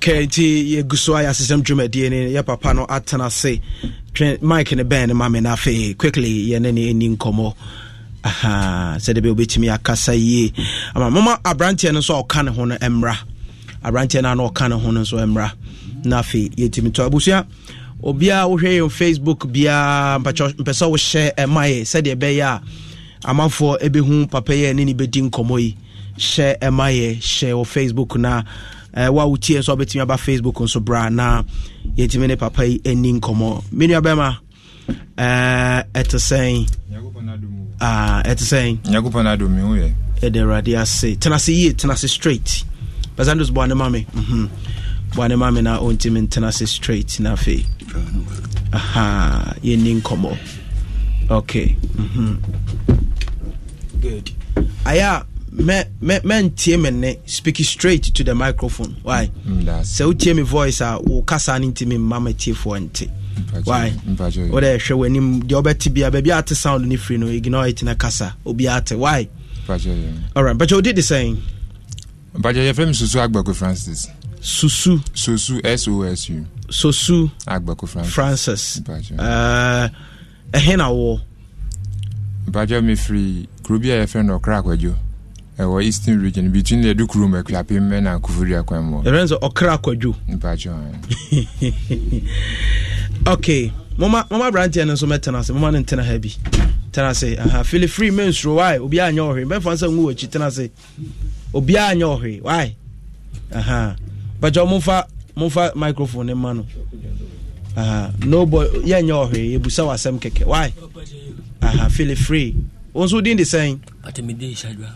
okay nti yɛgu so a yɛasesɛm dwumadie ne yɛ papa no atena se twe mike ne bɛn ne ma no afei quickly yɛne ne ɛni nkɔmmɔ sɛde bɛ wobɛtumi akasa yie ama moma aberanteɛ no nso a ɔka ne ho no mmra aberanteɛ no a na ɔka ne ho no nso mmra na afei yɛtumi to abusua obiaa wohwɛ yɛ facebook biaa mpɛ sɛ wohyɛ ɛma yɛ sɛdeɛ ɛbɛyɛ a amanfoɔ ɛbɛhu papa yɛ ne ne bɛdi nkɔmmɔ yi hyɛ ɛma yɛ hyɛ wɔ facebook na Eh, wa wotie nso wobɛtumi aba facebook nso bra na yɛntumi ne papa yi ani nkɔmmɔ me nua bɛma ɛte eh, sɛn ɛte sɛn nyankopɔn ah, no adom woyɛ ɛde awurade ase tena yie tena straight basandos boa ne ma me mhm. boa ne ma me na ɔntimi ntena se straight na afei aha yɛni nkɔmmɔ okay mm -hmm. good aya mɛntie me nne speak straight to the microphone why mm, sɛ wotie me voice a wo kasa no ntimi mma matiefoɔ nte why wode hwɛ w'anim deɛ wobɛte bia baabi ate sound no firi no ignore it na kasa obiaa te why alright mpakyɛ wodi de sɛn mpakyɛ yɛfrɛ me susu agbako francis susu susu sosu Susu. agbako francis ɛhe uh, na wɔ mpakyɛ mefiri kuro bi a yɛfrɛ no ɔkra akwadwo ɛwɔ eastern region between ledu kurom akulapem ɛna akufori akwan mu. ɛrɛ nsɛ ɔkra akwadwo. mpatsɔ ɛn. okay mɔmɔ mɔmɔ aberanteɛ no nso mɛtena ase mɔmɔ ne ntena ha bi tena ase aha fili free men suro waayi obiara nyɛ ɔhwe mbɛfa nsa ngu wɔkyi tena ase obiara nyɛ ɔhwe waayi aha mpatsɔ mofa mofa microphone ne ma no aha nobɔ yɛ nyɛ ɔhwe ebusa wɔ asɛm kɛkɛ waayi aha fili free wɔn nso din de sɛn. atemide isadua.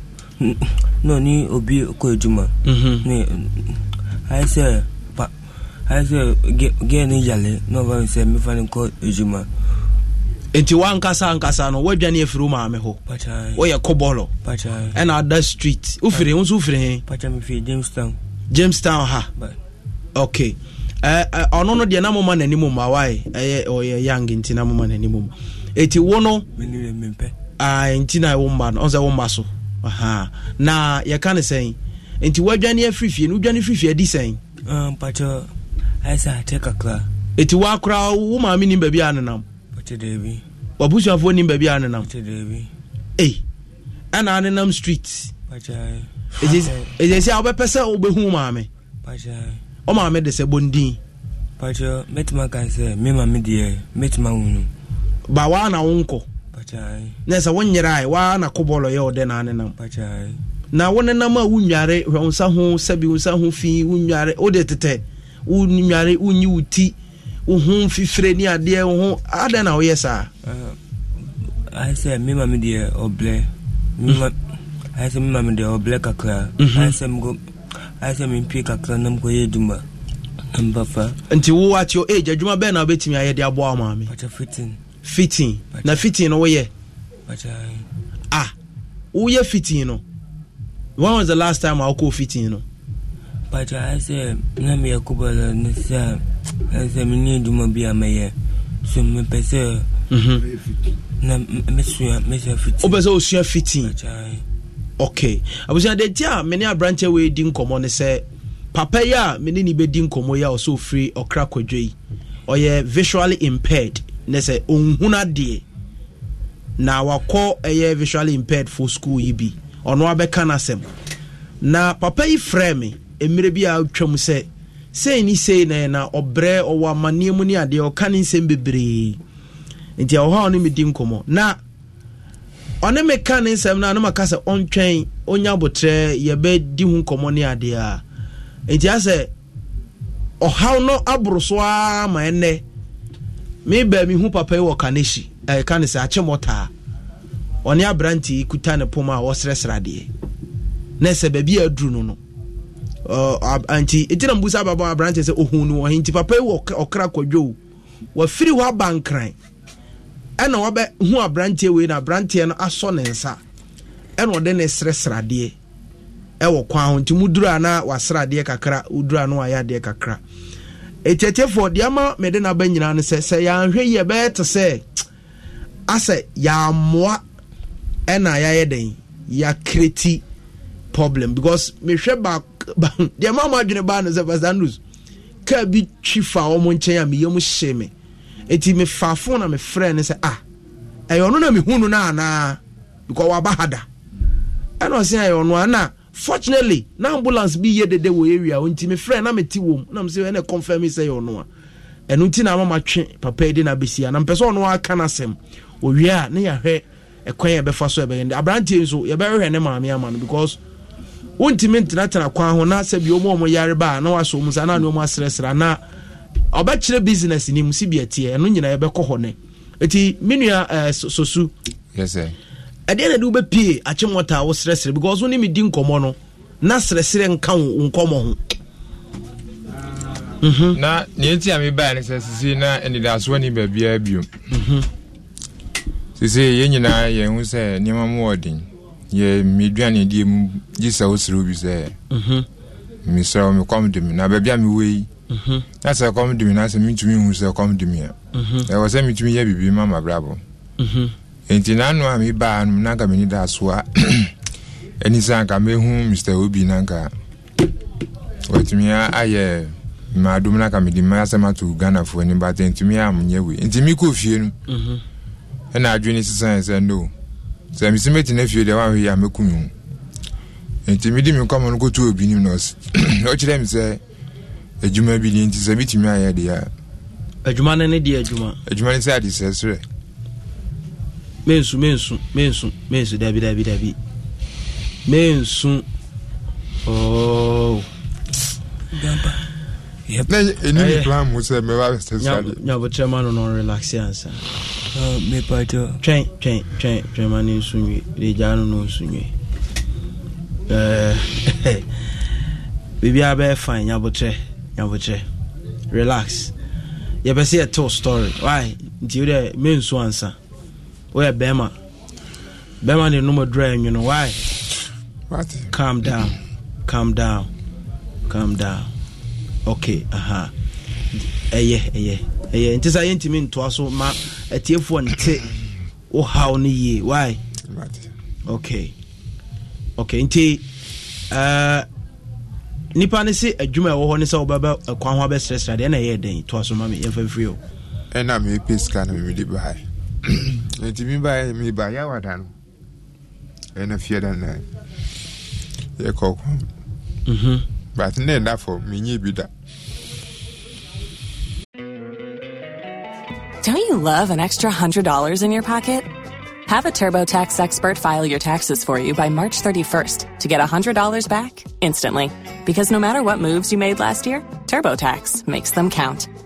náà ní òbí ọkọ ìjùmọ̀ ní àìsẹ̀ àìsẹ̀ gẹ́ẹ̀ ní ìyàlẹ̀ náà bá mi sẹ́ mi fa ní kọ́ ìjùmọ̀. nti wankasa ankasa no woadwane afiri wo maame hɔ woyɛ kɔbɔlɔ ɛna ada street wofiri wo nso wofiri he James Town ha okay ɔno no deɛ na moma n'anim ma wae ɛyɛ ɔyɛ yang nti na moma n'anim ma ɛti wo no nti na wo mma no ɔsɛ wo mma so na yɛka no sɛn nti woadwane afiri fie no wodwane firi fie adi sɛn mpakyɛ ayɛ sɛ kakra ɛti woakora wo maame nim baabi a nenam wabusuafoɔ nim baabi a nenam ɛna nenam street ɛgyɛ sɛ wobɛpɛ sɛ wobɛhu maame ɔmaame de sɛ bɔndin ka sɛ ba waa na wo nkɔ na sɛ wonyerae waa na ko bɔɔlɔ yɛ ɔdɛ naa ne nam na wo a wonware hwɛ wo nsa ho sɛbi wo nsa ho fi wonware wode tetɛ wonware wonyi wo ti wo ho fifire ne adeɛ wo ho na woyɛ saa uh, ayɛ mema me deɛ ɔblɛ mm. ayɛ mema me deɛ ɔblɛ kakra mhm. ayɛ mgo ayɛ mempie kakra adwuma mbafa nti age adwuma na wobɛtumi ayɛ de aboa wo maame fitting na fitting no woyɛ ah woyɛ fitting no when was the last time a wokɔɔ fitting no pata ɛsɛ na meyɛ kobɔlɔ no sɛ ɛsɛ mene adwuma bi a mɛyɛ so mepɛ sɛ mm-hmm. na mesua mesua fitting wopɛ sɛ wosua fitting okay abusua de ti a mene aberanteɛ wei di nkɔmmɔ ne sɛ papa yi a ni ne bɛdi nkɔmmɔ yi a ɔsɛ ɔfiri ɔkra kwadwa yi ɔyɛ visually impaired na sɛ ɔnhunu adeɛ na wakɔ ɛyɛ visually impaired for school yi bi ɔno abɛka n'asɛm na papa yi frɛ me mmerɛ bi a mu sɛ sei ni sei na na ɔbrɛ ɔwɔ amanneɛ mu ne adeɛ ɔka ne nsɛm bebree nti ɛwɔ hɔ a ɔne me di nkɔmɔ na ɔne me ka ne nsɛm no a ne maka sɛ ɔntwɛn ɔnya abotrɛ yɛbɛdi ho nkɔmmɔ ne adeɛ a nti asɛ ɔhaw no aboro so ara ɛnɛ me baabi hu papa yi wɔ kaneshi ɛɛ kane sɛ akye mɔtaa ɔne aberante kuta ne pom a ɔsrɛsrɛ adeɛ na sɛ baabi a aduru no no nti ɛtina mbusa ababɔ aberante sɛ ɔhu no ɔhe nti papa yi wɔ ɔkra kɔdwo wafiri hɔ abankran ɛna wabɛ hu aberanteɛ wei na aberanteɛ no asɔ ne nsa ɛna ɔde ne srɛsrɛ adeɛ ɛwɔ kwan ho nti mu duru na wasrɛ adeɛ kakra woduru a na wayɛ adeɛ kakra ɛtiatiefoɔ deɛ ama mede naba nyinaa no sɛ sɛ yɛanhwɛ yi ɛbɛyɛ te sɛ asɛ yɛamoa ɛna yɛayɛ dɛn yɛakreti problem because mehwɛ ba deɛ ma ma adwene baa no sɛ pastor andrews kaa bi twi fa wɔn nkyɛn a meyɛ mu hye me eti mefa na mefrɛ ne sɛ ah ɛyɛ ɔno na mehu no no anaa because waba hada ɛna ɔsɛn ɛyɛ ɔno anaa fortunately na ambulance bi yɛ dede wɔ area o nti mi frɛ na me ti wɔ mu na mi sɛ ɛna confirm sɛ yɛ ɔno a ɛnu ti na ama ma twe papa yi de na besi a na mpɛ sɛ ɔno aka na sɛm owie a ne yɛahwɛ ɛkwan yɛ bɛfa so ɛbɛyɛ de aberanteɛ nso yɛbɛhwɛ ne maame ama no because wontumi ntenatena kwan ho na sɛ bi ɔmo ɔmo yare ba na wasɔ ɔmo sa na ne ɔmo asrɛsrɛ na ɔbɛkyerɛ business ni mu si bi ɛteɛ ɛno nyinaa yɛbɛkɔ hɔ ne eti minua ɛɛ eh, sosu. Yes, sir ɛdeɛ na de wobɛpie akyem wɔta a woserɛserɛ because wone medi nkɔmmɔ no na serɛserɛ nka wo nkɔmmɔ ho mhm. na neɛ nti a mebaɛ no sɛ sesei na anidasoɔ ni baabiaa biom mhm. sesei yɛn nyinaa yɛhu sɛ nneɛma mu wɔden yɛ meduane deɛ mu gye sɛ wo serɛ wo bi sɛ mhm. mesrɛ wo mekɔm de me na baabi a mewɔ yi na sɛ kɔm de me na sɛ mentumi hu sɛ kɔm de me a ɛwɔ sɛ metumi yɛ biribi ma mabrabɔ nti n'ano a mebaa no nanka m'ani da so a ɛni sɛ mehu mr obi nanka watumi ayɛ mmaadom nanka mede masɛm ato ghanafoɔ ani bat ntumi a monyɛ wei nti mekɔ fie no mhm. ɛna adwene sesae sɛ no sɛ mesi mɛtena fie deɛ a nti no kɔto obi nim na ɔkyerɛ ya sɛ adwuma bi deɛ nti sɛ metumi ayɛ deɛ a adwuma no ne deɛ adwuma adwuma sɛ sɛ mensu mensu mensu mensu dabi dabi dabi mensu ooo. ɛni ni plan mu sɛ mɛ b'a sɛ sali. nyabo chairman nɔ no relax yansa. mɛ pàtó. twɛn twɛn twɛn twɛn ma ni sunjɛ reja ninnu sunjɛ ɛɛ bibi a bɛ fan nyabo kyɛ nyabo kyɛ relax yɛ bɛ se yɛ tell story why nti o de mensu ansa woyɛ bɛrima bɛrima de nom dura anwu no why What? calm down calm down calm down okay aha ɛyɛ ɛyɛ ɛyɛ nti sɛ yɛntumi ntoa so ma atiefoɔ nte wo haw no yie why okay okay nti uh, eh, nipa ne se adwuma ɛwɔ hɔ ne sɛ wobɛbɛ ɛkwan ho abɛsrɛsrɛ deɛ ɛna ɛyɛ den toa so ma me yɛmfa mfiri o ɛna mepe sika no memede bae nti meba yɛ no ɛna fie da na mm-hmm. but ne menyɛ bi da Don't you love an extra $100 in your pocket? Have a TurboTax expert file your taxes for you by March 31st to get $100 back instantly. Because no matter what moves you made last year, TurboTax makes them count.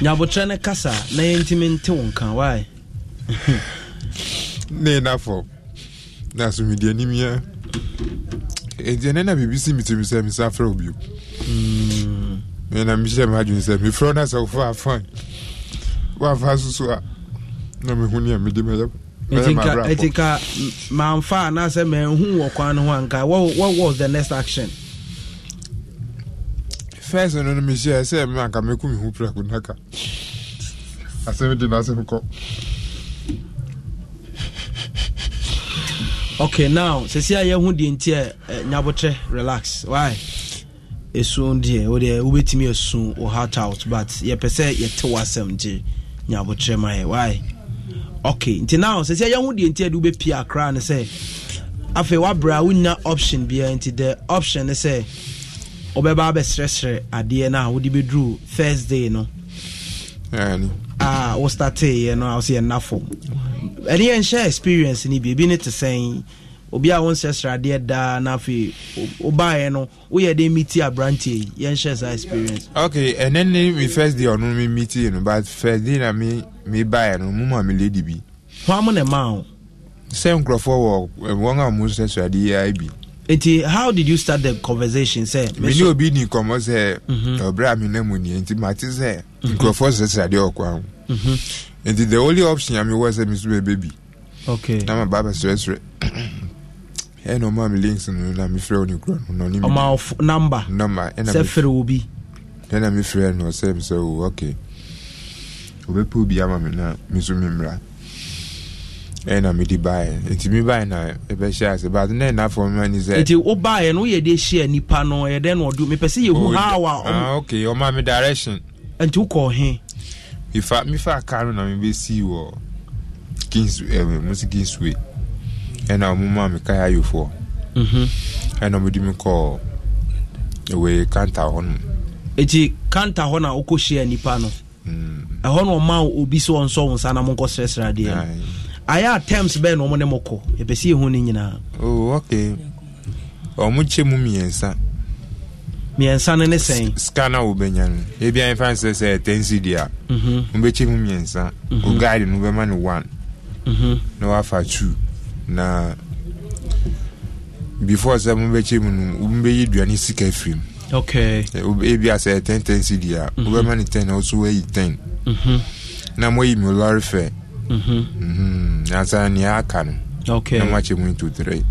nyabotrɛ no kasa na yɛntimi nte wo nka wae ne nafo na so mede animia ɛnti ɛnɛ na e, biribi si metumi sɛ mesa frɛ wo bio hmm. na mehyɛ m'adwene sɛ mefrɛ no sɛ wofa afa woafa soso a na mehu ne a mede mɛyɛ ɛnti ka mamfa anaasɛ manhu wɔ kwan no ho anka what was the next action first no no mehyia sɛ me anka meku me ho prako naka asɛm de no asɛm kɔ okay now sɛsi a yɛho deɛ nti ɛ e, e, nyabotrɛ relax why ɛsuo deɛ wodeɛ wobɛtumi asu wo heart out but yɛpɛ sɛ yɛte w'asɛm gye nyabotrɛ ma ɛ e. why okay nti now sɛsi a yɛho deɛ nti ɛ de wobɛpie akra ne sɛ afei woabrɛ a wonya option biara nti the option ne sɛ ɔbɛba abɛsrɛsrɛ adeɛ no a wode bɛduru thursday no ah, wo starteeɛ eh, no a wo sɛ ɛne yɛnhyɛ experience no bi ebi ne te sɛn obi a wonsrɛsrɛ adeɛ daa na afei wobaeɛ no woyɛ de miti aberanteɛ yi yɛnhyɛ saa experience ok ɛnɛ ne me first day ɔno me meeting no but first day na me mebaeɛ no moma me lady bi hɔ a mo ne ma wo sɛ nkurɔfoɔ wɔ eh, wɔn a mosrɛsrɛ adeɛ yi bi nti how did you start the conversation sɛ. mi ni obi ni nkɔmɔ sɛ ɔbɛrɛ mhm. mi na mu nie nti maa ti sɛ mhm. nkurɔfoɔ sɛsɛ adeɛ ɔkɔ ahu nti mhm. the only option a mi wɔ sɛ mi so bɛ bɛ bi okay na ma ba bɛ srɛsrɛ ɛna ɔmo a mi links no na mi frɛ ɔni kura no na ɔni mi. ɔmo awofo namba namba ɛna mi sɛ fere obi. ɛna mi frɛ no sɛ mi sɛ o oh, okay obɛpɛ obi ama mi na mi so mi mra ɛna eh, mede baeɛ nti me baeɛ na ɛbɛhyɛ eh, ase but na ɛnafoɔ mema ni sɛ nti wobaeɛ no woyɛ de hyia nipa no ɛdɛn na ɔde mepɛ sɛ yɛhu haw oh, a ah, ok ɔma me direction nti wokɔɔ he mefa mefa car no na mebɛsii wɔ kings ɛwɛ eh, mo sɛ kingsway ɛna ɔmoma me kae ayofoɔ mhm. ɛna mede me kɔɔ ɛwɛ kanta hɔ nom nti kanta hɔ na wokɔhyia nipa no mm. ɛhɔ na ɔma obi sɛ ɔnsɔ nsa na monkɔsrɛsrɛ adeɛ ayɛ attempts bɛɛ na ɔmo ne mo kɔ yɛpɛ sɛ yɛhu no nyinaa oh, okay ɔmo kyɛ mu mmiɛnsa mmiɛnsa no ne sɛn sika no a no ebia ɛmfa nsɛ sɛ ɛtɛnsi deɛ a wobɛkyɛ mhm. mu mmiɛnsa mhm. wo guide no wobɛma no one mhm. na wafa two na before sɛ mobɛkyɛ mu no wobɛyi duane sika firi mu okay eh, ebia sɛ ɛtɛntɛnsi deɛ a wobɛma no ten na wo so woayi ten na moayi mi lɔre fɛ Mm-hmm. Mm-hmm. ansa nea aka no na moakyɛ mu nto three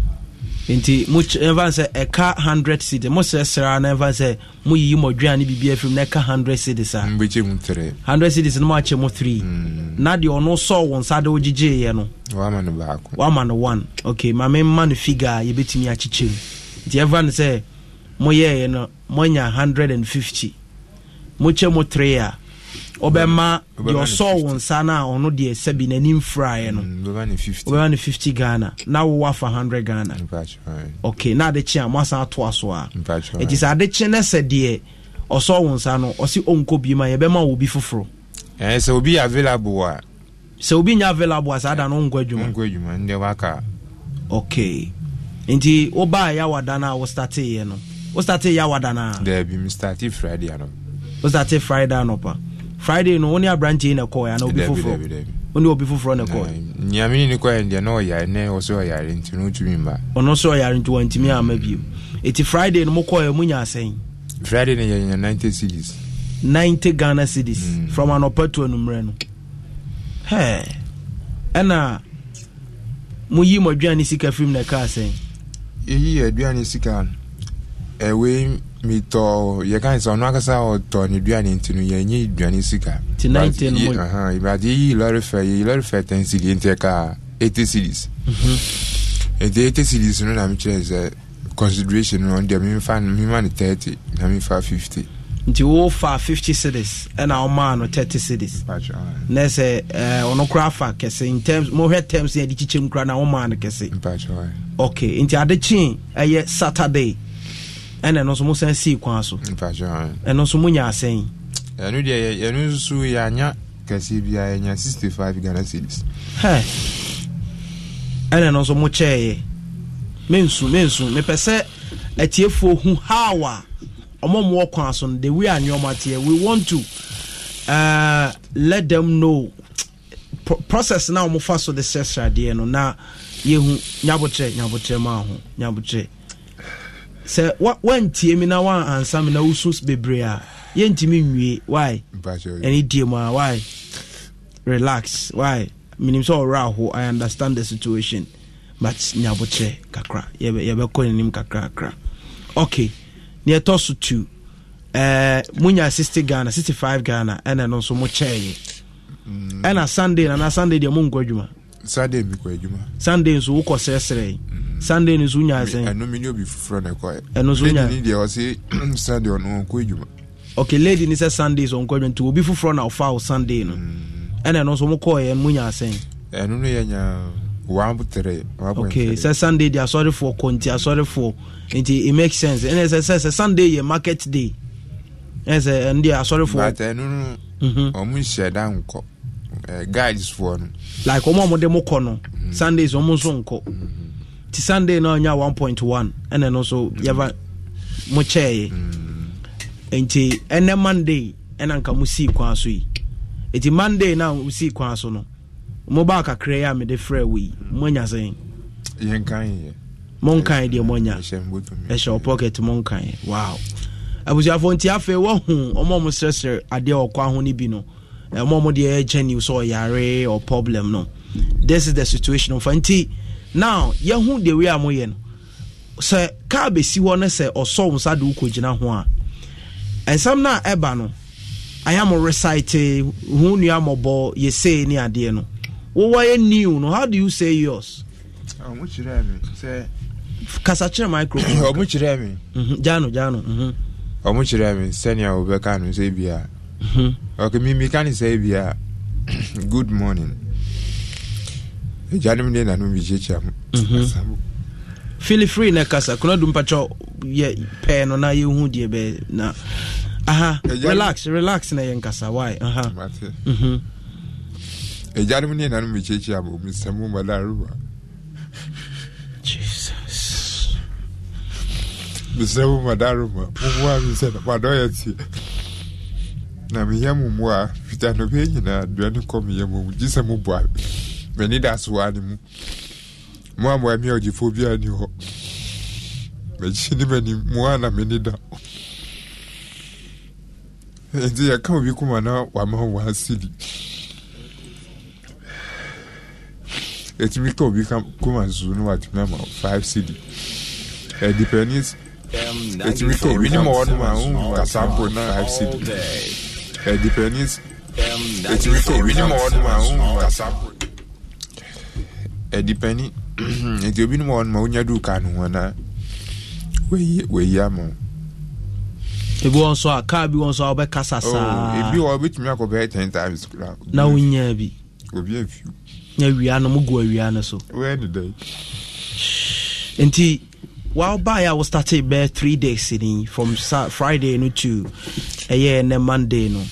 nti ɛmfa sɛ ɛka 100 cd mosrɛ sra na ɛmfa sɛ moyiyi mɔdwea ne biribia firim na ɛka 100 cd saa 100 cds no moakyɛ mo 3 na deɛ ɔno sɔɔ wo nsa de wogyegyeeɛ no wama no 1 ok ma memma no figa a yɛbɛtumi akyekyɛ mu nti ɛmfa no sɛ moyɛeɛ no moanya 150 mokyɛ mo 3 a ɔbɛma deɛ ɔsɔ wo nsa no mm, a ɔno deɛ n'anim fraeɛ no wobɛma no 50 ghana na wowɔ afa 100 ghana ok na adekye a moasan atoa so a ɛnti sɛ adekye no sɛ deɛ ɔsɔ wo nsa no ɔse ɔnkɔ bi ma yɛbɛma bi foforɔ obi yɛ available a sɛ obi nyɛ available a saa da no ɔnkɔ ok nti wobaa yɛawada no a no no a friday anɔpa friday no wo ne aberankyɛ na ɛkɔɛ ana obi foforɔ wo ne obi foforɔ na ɛkɔɛ nyame ne kɔɛ deɛ na ɔyare ne ɔsɛ ɔyare nti no wotumi mba ɔno sɛ ɔyare nti wantumi ama bio ɛti friday no mokɔɛ monya asɛn friday no yɛnya 90 cities 90 ghana cities mm. from anɔpa to anummerɛ no hɛ ɛna moyi mo aduane sika firim na ɛka asɛn yɛyi aduane sika ɛwei mitɔ yɛka sɛ ɔno akasa ɔtɔ ne duane nti no yɛnyɛ duane sika but yɛyi lɔre fɛ yɛyi lɔre fɛ ten cedi nti ɛka eighty cedis nti mhm. eighty cedis no na mekyerɛ sɛ consideration no ɔndeɛ fa no mema no thirty na memfa fifty nti wofa fifty cities ɛna ɔmaa no thirty cities na sɛ ɔno kora fa kɛse mohwɛ terms yɛde kyikyɛm kora na womaa no kɛse okay nti ade kyee ɛyɛ saturday ɛna ɛno nso mosan sii kwan so ɛno nso monya asɛn ɛno deɛ yɛno nso yɛanya bi biaa yɛnya five ghana cities ɛna ɛno nso mokyɛɛyɛ mensu mensu mepɛ sɛ atiefoɔ hu how a ɔmo mo kwan so no the way a nneɛma teɛ we want to uh, let them know process na ɔmo fa so de sɛ sradeɛ no na yehu nyabotrɛ nyabotrɛ maa ho nyabotrɛ sɛ wantie mi na wanansa mi na wosu bebree a yɛntumi nwie why ɛne die mu a why relax why menim sɛ ɔwerɛ aho i understand the situation but nyabokyerɛ kakra yɛbɛkɔ nanim kakra kakra okay ne ɛtɔ so two uh, monya 60 ghana 65 ghana ɛna ɛno nso mokyɛɛyɛ mm. ɛna sunday nana sunday deɛ monkɔ adwuma sunday nso wokɔ serɛserɛe sunday ni no nso wonya sɛn okay lady ni sɛ sunday so ɔnkɔ adwa nti obi foforɔ na ɔfa wo sunday no mm. ɛna ɛno nso mokɔɔyɛ no monya asɛn ɛno no tere. okay sɛ sunday de asɔrefoɔ kɔ nti asɔrefoɔ nti it makes sense ɛnɛ sɛ sɛ sunday yɛ market day ɛnɛ sɛ ɛno deɛ asɔrefoɔ ɛno no mhm. ɔmo nhyɛ da nkɔ guides foɔ no like ɔmo a ɔmo de mo kɔ no mm. sundays ɔmo nso nkɔ mm nti sunday na ɔnya 1.1 ɛna no so yɛfa mo kyɛɛ nti ɛnɛ monday ɛna nka mo sii kwan so yi nti monday na mo sii kwan so no mo ba kakra yi a mede frɛ wo yi mo anya sɛn mo nkan deɛ mo anya ɛhyɛ wɔ pocket mo wow abusuafoɔ nti afei wɔhu ɔmo ɔmo srɛsrɛ adeɛ ɔkɔ aho no bi no ɛmo ɔmo deɛ ɛkyɛ ni sɛ ɔyare or problem no this is the situation fa nti. now yɛhu the way a moyɛ no sɛ car bɛsi hɔ ne sɛ ɔsɔ wo de wokɔgyina ho a ɛnsɛm no a ɛba no ayam recite ho nua mmɔbɔ yɛsei ne adeɛ no wowɔ yɛ new no how do you say yours ah, kasa kyerɛ microphone kyerɛɛ me mhm, gyano gyano mhm. ɔmo kyerɛɛ me sɛnea wobɛka no sɛ bia ɔkɛ mhm. mimika ne sɛ bia good morning agyanom ne nanom bigyekyia mu mhm. feel free na kasa kuna dum mpakyɛ yɛ pɛɛ no na yɛhu deɛ bɛɛ na aha eh, relax relax na yɛ nkasa why aha agyanom mhm. eh, ne nanom bigyekyia mu omusamu madaruba jesus mesɛmu madaruma momoa me sɛ madɔyɛ tie na meyɛ mo mmoa fita no bɛɛ nyinaa aduane kɔ meyɛ mɔ mu gye sɛ moboa m'ani da soa ne mu mo a moa mi ɔgyefoɔ bi ani hɔ m'akyi ne m'anim mo a na m'ani da nti yɛka obi kuma na wama wo asidi ɛtumi ka obi kuma nsuo no watumi ama five cd ɛdipɛni ɛtumi ka obi ne ma wɔnom a wohu asampo na five cd ɛdipɛni ɛtumi ka obi ne ma wɔnom a wohu asampo adipani nti obinom wɔ no ma wonya duka no ho anaa wɔyi ama wo ebi wɔn nso a kaa bi wɔn nso a wɔbɛka sasaa ebi wɔ obitumi akɔ bɛyɛ ten times kura na wonya bi obi afiw na awia no mo gu awia no so wɔyɛ ne dɛ nti wɔabaeɛ a wo starte bɛɛ three days ni from sa friday no to ɛyɛ nɛ monday no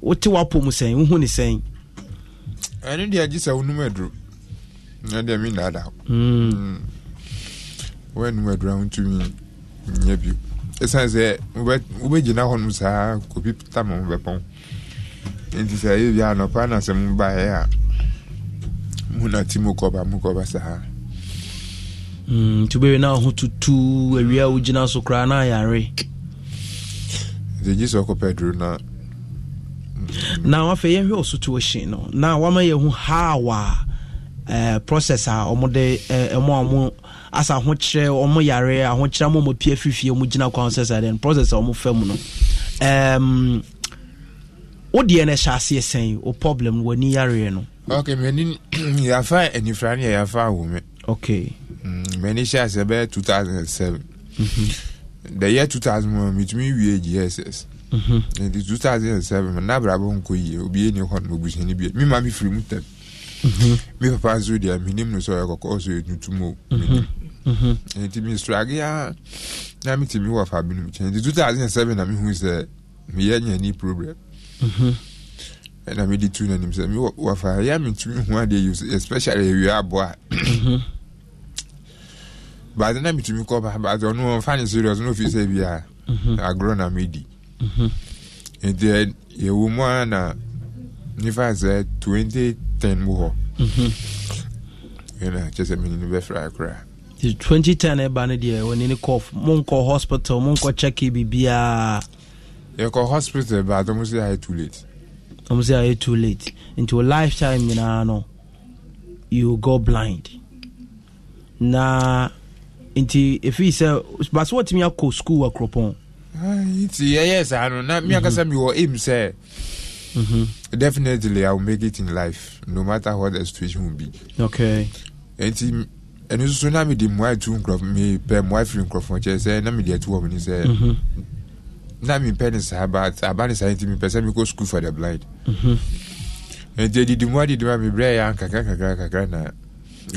wote wapɔ mu sɛn wohu ne sɛn ɛno deɛ agye sɛ wonom ɛdeɛ mi na ada wɔanum adura ho ntumi nyɛ bio ɛsiane sɛ wobɛgyina hɔnom saa kobi tam ho bɛpɔn nti sɛ ɛyɛ bia anɔpa na sɛ a saa nti na ho tutu awia wogyina so koraa na ayare sɛ ɔkɔpɛ na na yɛhwɛ no na wama a Uh, process a wɔn de wɔn eh, a wɔn asa ahokyerɛ wɔn yare ahokyerɛ wɔn a wɔn pie fifie wɔn gyina kwan sɛ sɛ den process a wɔn fɛ mu no um, wo deɛ no ɛhyɛ aseɛ sɛn wo problem w'ani yareɛ no ok m'ani yɛafa anifra no yɛyɛafa ahome ok m'ani hyɛ aseɛ bɛyɛ 2007 the year two 2001 metumi wie gss nti 2007 na abrabɔ nkɔ yie obiɛ ni hɔ no mabusani bia mema me firi mu tam me papa nso deɛ menim no sɛ ɔyɛ kɔkɔɔ sɛ ɔyɛ tuntum o menim mhm. nti mesorage a na metumi wɔ fa binom kyɛ nti 2007 na mehu sɛ meyɛ nyani problem ɛna mhm. mede tu no anim sɛ mewɔ fa yɛ mentumi hu adeɛ yi especially awia aboa mhm. baadze na metumi kɔ ba baadze ɔno ɔmfa ne serious na ofi sɛ bia agorɔ na medi nti yɛwɔ mu a na nifa sɛ 20 2010 mu hɔ mm-hmm. ɛna kyɛ sɛ menini bɛfrɛ koraa 2010 ɛba no deɛ wɔne ne kɔ monkɔ hospital monkɔ checke biribiaa yɛkɔ hospital but ɔmo sɛ ayɛ too late ɔmo sɛ ayɛ too late nti wo lifetime nyinaa no you go blind na nti ɛfii sɛ but sɛ wɔtumi akɔ school wɔ kuropɔn nti yɛyɛ saa no na meakasa mhm. mewɔ aim sɛ Mm-hmm. Definitely, I will make it in life, no matter what the situation will be. Okay. And Enti ɛno nso na mede mmoa atu nkurɔfo mepɛ mmoa firi nkurɔfoɔ kyɛ sɛ na mede atu wɔ mene sɛ mm-hmm. na mempɛ ne saa but aba ne saa nti mepɛ sɛ mekɔ school for the blind mm-hmm. nti adidi mmoa didi ma mebrɛ yɛ ankakra kakra kakra na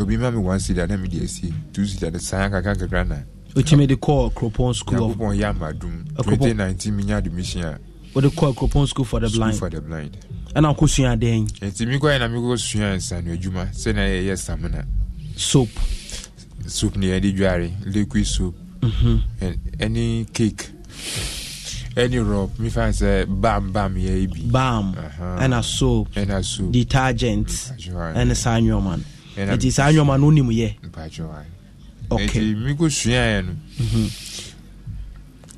obi ma me one sida na mede asie two sida ne saa kakra kakra na ɔtumi de kɔɔ kuropɔn school nyankopɔn yɛ amadom 2019 menya admission a wɔde kɔ akuropɔn school for the blind for the blind ɛna akɔ sua adan nti mi kɔ yɛ na mi kɔ sua nsanu adwuma sɛnea yɛyɛ samina soap soap ni ɛde dware liquid soap. ɛne mm-hmm. cake any rɔb mi fan sɛ bam bam yɛ ebi bam ɛna soap ɛna soap detergent ɛne saa nneɛma no nti saa nneɛma no onim yɛ okay nti mi kɔ sua yɛ no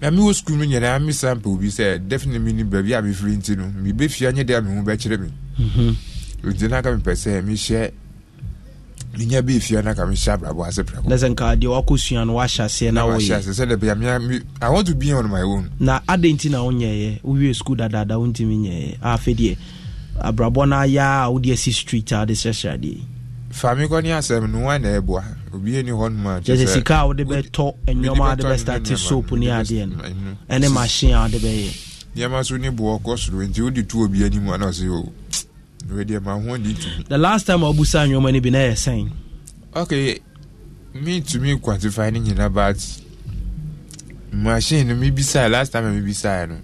na mi wɔ sukuu mu nyinaa mi san pɛ sɛ definitely mi ni baabi a mi firi nti no mi bɛ fia nye deɛ mi ho bɛkyerɛ mi odi n'aka mi pɛ sɛ mi hyɛ mi nya bi fia n'aka mi hyɛ abrabɔ ase pɛrɛbɔ. lẹsẹ nka deɛ wakɔ sua no wahyɛ aseɛ na wɔyɛ. na wahyɛ aseɛ sɛ de mi i want to be on my own. na adi ti na wonyɛ yɛ wowie sukuu dadaada wontumi nyɛ yɛ afɛ deɛ abrabɔ n'ayɛ a wodi esi street a ah, de hyɛhyɛ adeɛ. faami kɔ ni asɛm no wɔn na ɛboa obi ni hɔ nom a kyerɛ uh, sika a wode bɛtɔ nnwoma a wode bɛstarte soap ne adeɛ no ɛne machine a wode bɛyɛ nneɛma so ne boɔ kɔ soro nti wode tu obi anim ana sɛ o oh, deɛ maho de tumi the last time a wobusa nnwoma no bi na ɛyɛ sɛn okay mentumi quantify no nyina but machine no mebisae last time a mebisae no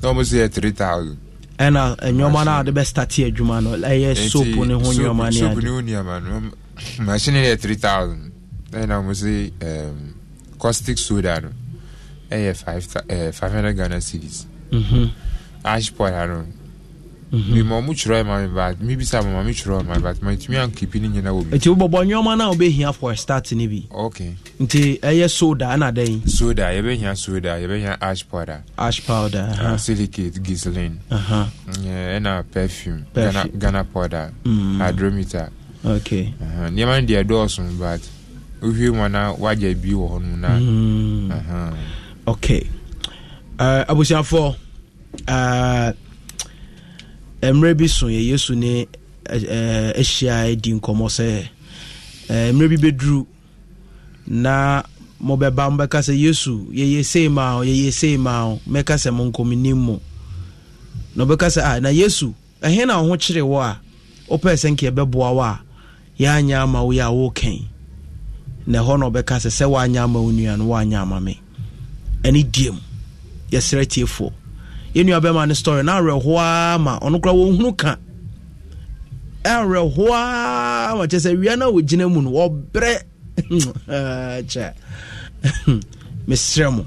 na ɔmo sɛ yɛ 3000 ɛna nnwoma no a wode bɛstate adwuma no ɛyɛ soap ne ho nnwoma ne ade machine no yɛ 3000 ɛna mo se um, caustic soda no ɛyɛ e 500 e, ghana mhm. ash ashpod ano mema ɔmo kyerɛ ma me but mebisa mama me kyerɛ ma but matumi ankepi no nyina wɔ bi nti wobɔbɔ nneɔma no a wobɛhia for start no bi ok nti ɛyɛ e soda ɛna dɛn soda yɛbɛhia soda yɛbɛhia ash powder ash powder uh, silicate gislin ɛna uh -huh. yeah, perfume ghana, ghana powder mm. hydrometer okay ndị nneɛma no deɛ dɔɔso but wohwie mu ana woagya bi wɔ hɔ no na mm-hmm. ok uh -huh. uh, bi so yɛ yesu ne uh, ahyia uh, di nkɔmmɔ sɛ uh, mmerɛ bi bɛduru na mobɛba mobɛka sɛ yesu yɛyɛ sei ma o yɛyɛ sei ma o mɛka sɛ mo nkɔmenim mu na wobɛka sɛ ah na yesu ɛhe na wo ho kyere wo a wopɛɛ sɛ nka yɛbɛboa a yɛanyɛ ama wo yɛ a wokɛn na ɛhɔ na ɔbɛka sɛ sɛ woanyɛ ama wo nua no woanyɛ ama me ɛne diem yɛsrɛ tiefoɔ yɛnua bɛma ne story na awerɛhoa ma ɔno kora wɔhunu ka awerɛhoa ma kyɛ sɛ wia no a wɔgyina mu no wɔbrɛ kyɛ mesrɛ mo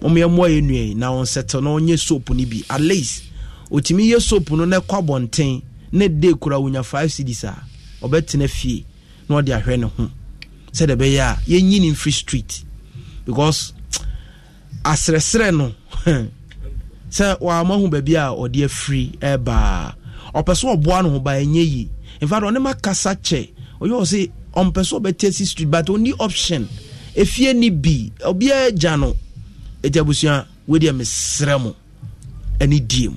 momayɛmmoa yɛ nua na ɔnsɛte no ɔnyɛ soap no bi at least ɔtumi yɛ soap no na ɛkɔ abɔnten ne de kora wonya 5 cities a ɔbɛtena fie na ɔde ahwɛ ne ho sɛdeɛ ɛbɛyɛ a yɛnyi ne mfiri street because aserɛserɛ no sɛ wɔama ho baabi a ɔde afiri ɛbaa ɔpɛ so ɔboa no ho ba ɛnyɛ yi infact ɔne ma kyɛ ɔyɛ ɔ sɛ ɔmpɛ so ɔbɛte asi street but ɔnni option ɛfie ni bi obiaa gya no ɛgya abusua wedeɛ mesrɛ mo ɛne diem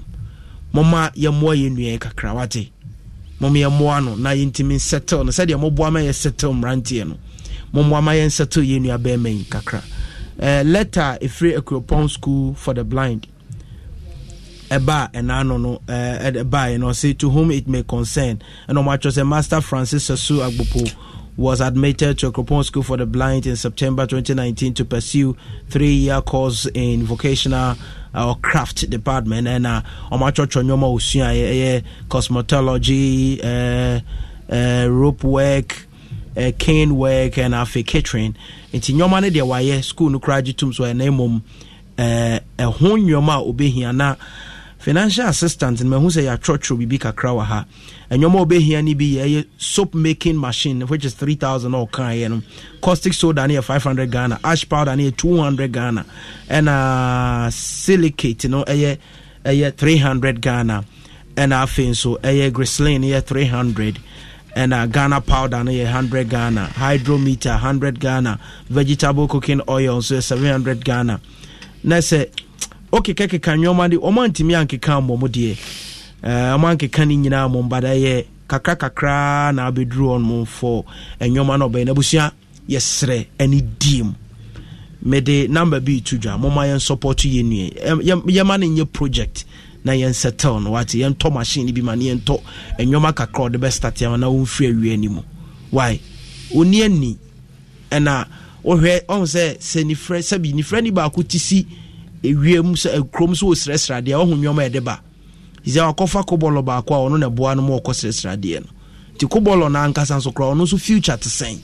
mɔma yɛmmoa yɛ nnua kakra wate mommyɛmmoa no na yɛntumi settle no sɛdeɛ moboa ma yɛ settle mmeranteɛ no mommoa ma yɛn settle yi kakra uh, letter ɛfiri akuropɔn school for the blind ɛba ɛna no no eh, ɛba to whom it may concern ɛna ɔmo atwere sɛ master francis sasu agbopo was admitted to Akropon School for the Blind in September 2019 to pursue three-year course in vocational or craft department and uh ɔmatwɔtwɔ nneɔma wɔsua ɛyɛ cosmetology uh, uh, rope work uh, cane work and uh, afei catering nti nneɔma no deɛ wayɛ school no koraa gye tom so ɛna mmom ɛho nneɔma a obɛhia na financial assistant in mahu sɛ yɛatwerɛtwerɛ biribi kakra wɔ ha ɛnwɔma a wobɛhia bi yɛyɛ soap making machine which is 3000 na ɔkaeɛ no caustic soda no yɛ 500 ghana ash powder no yɛ 200 ghana ɛna uh, silicate no ɛyɛ ɛyɛ 300 ghana ɛna afei nso ɛyɛ grislin no yɛ 300 ɛna uh, ghana powder no yɛ 100 ghana hydrometer 100 ghana vegetable cooking oil nso yɛ 700 ghana na sɛ ɔkekakeka nneɔma de ɔma ntumi ankeka mmɔ mu deɛ eh, ɔma nkeka no nyinaa mmɔ mbada yɛ kakra kakra na abɛduru hɔ nom fɔ nneɔma no ɔbɛyɛ n'abusua yɛserɛ ne die mu mede number bi to dwa moma yɛn support yɛ nnua yɛma no nyɛ project na yɛn settle no wate yɛntɔ machine bi ma na yɛntɔ nneɔma kakra ɔde bɛstarte ama na wɔmfiri awie ani mu why ɔni ani ɛna wohwɛ ɔhu sɛ sɛ nifrɛ sɛbi nifrɛ ni baako ti si ewiem sɛ eh, kurom sɛ wɔsrɛsrɛ adeɛ ɔho nneɛma ɛde ba sɛ wakɔfa kobɔlɔ baako a ɔno na boa no ma ɔkɔ srɛsrɛ adeɛ no nti kobɔlɔ no ankasa nso koraa ɔno nso future te sɛn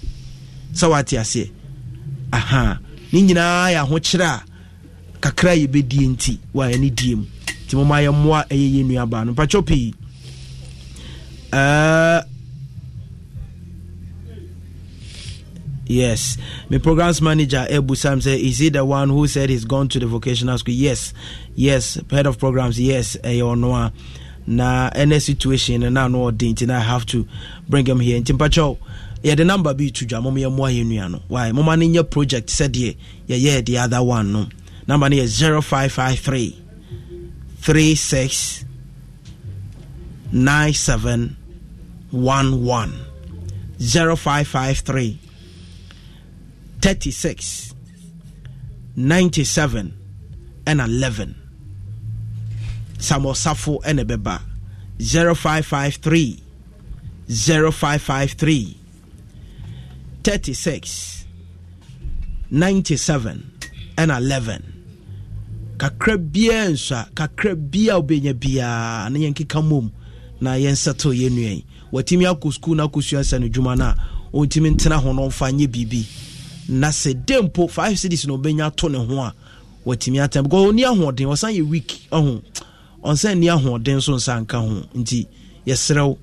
sɛ wate aseɛ aha ne nyinaa yɛ ahokyerɛ a kakra yɛbɛdie nti wayɛ ne die mu nti moma yɛmmoa ɛyɛ yɛ nnuabaa no mpatwɔ pii uh, Yes. My programs manager, Ebu Sam, said, Is he the one who said he's gone to the vocational school? Yes. Yes. Head of programs, yes. Eyonoa. Eh, ah. Na any situation, and I know didn't, I have to bring him here. And Timpacho, yeah, the number be to Jamom Yamwa Uniano. Why? Mama your project said, Yeah, yeah, the other one. No. Number is 0553 36 9711. 0553 36 97 ɛna 11 samuel safo ɛna ɛbɛba 0553 0553 36 97 ɛna 11 kakra biaa nso a kakra biaa wobɛnya biaa na yɛnkeka mom na yɛnsɛtoo yɛnnuai watumi akɔ skul no akɔsua sɛ no dwuma no a ɔntumi ntena ho no ɔmfa nyɛ biribi na sɛ de mpo five cities na ɔbɛnya ato ne ho a watumi atɛm because ɔni ahoɔden ɔsan yɛ weak ɔho ɔnsan ni ahoɔden nso nsa nka ho nti yɛsrɛw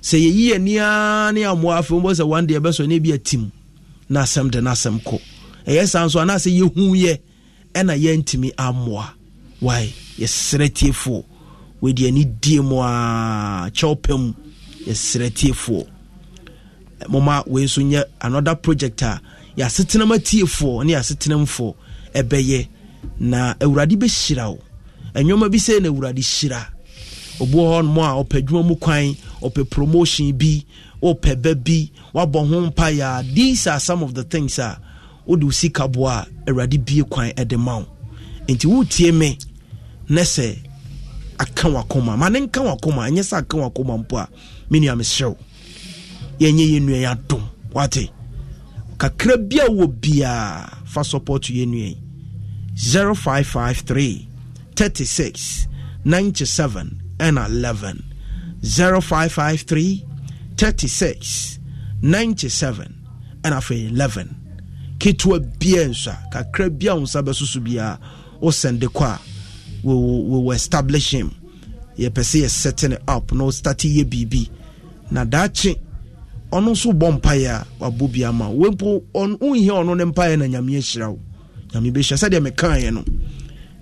sɛ yɛyi yɛ nia ne amoa afei mbɔ sɛ one day ɛbɛsɔ ne bi atim na asɛm de na asɛm kɔ ɛyɛ saa nso anaasɛ yɛhu yɛ ɛna ntumi amoa wae yɛsrɛ tiefoɔ wɔde ani die mu a kyɛw pɛ mu yɛsrɛ tiefoɔ moma wei nso nyɛ another project a yɛasetenam atiefoɔ ne yɛasetenamfoɔ ɛbɛyɛ na awurade bɛhyira o ɛnwoma bi sɛ na awurade hyira obuɔ hɔ nom a ɔpɛ adwuma mu kwan ɔpɛ promotion bi ɔpɛ bɛ bi wabɔ ho mpayɛ these are some of the things a wode wo sika boa a awurade bie kwan ɛde ma wo enti wotie me ne sɛ aka wakoma ma ne nka wakoma ɛnyɛ sɛ aka wakoma mpo a me nua meserɛ wo yɛnyɛ yɛ nua wate kakra bia wɔ biaa fa support yɛ nua yi 0553 36 97 ɛna 11 0553 36 97 ɛna afei 11 ketewa bia nso a kakra bia wo nsa bɛsoso biaa wosɛnde kɔ a wɔwɔ establish him yɛpɛ sɛ yɛ setting up na wostarte yɛ biribi na daakye ɔno nso bɔ mpaeɛ a wabɔ bi ama wempo wonhia ɔno ne mpaeɛ na nyame ahyira wo nyame bɛhyira sɛdeɛ mekaeɛ no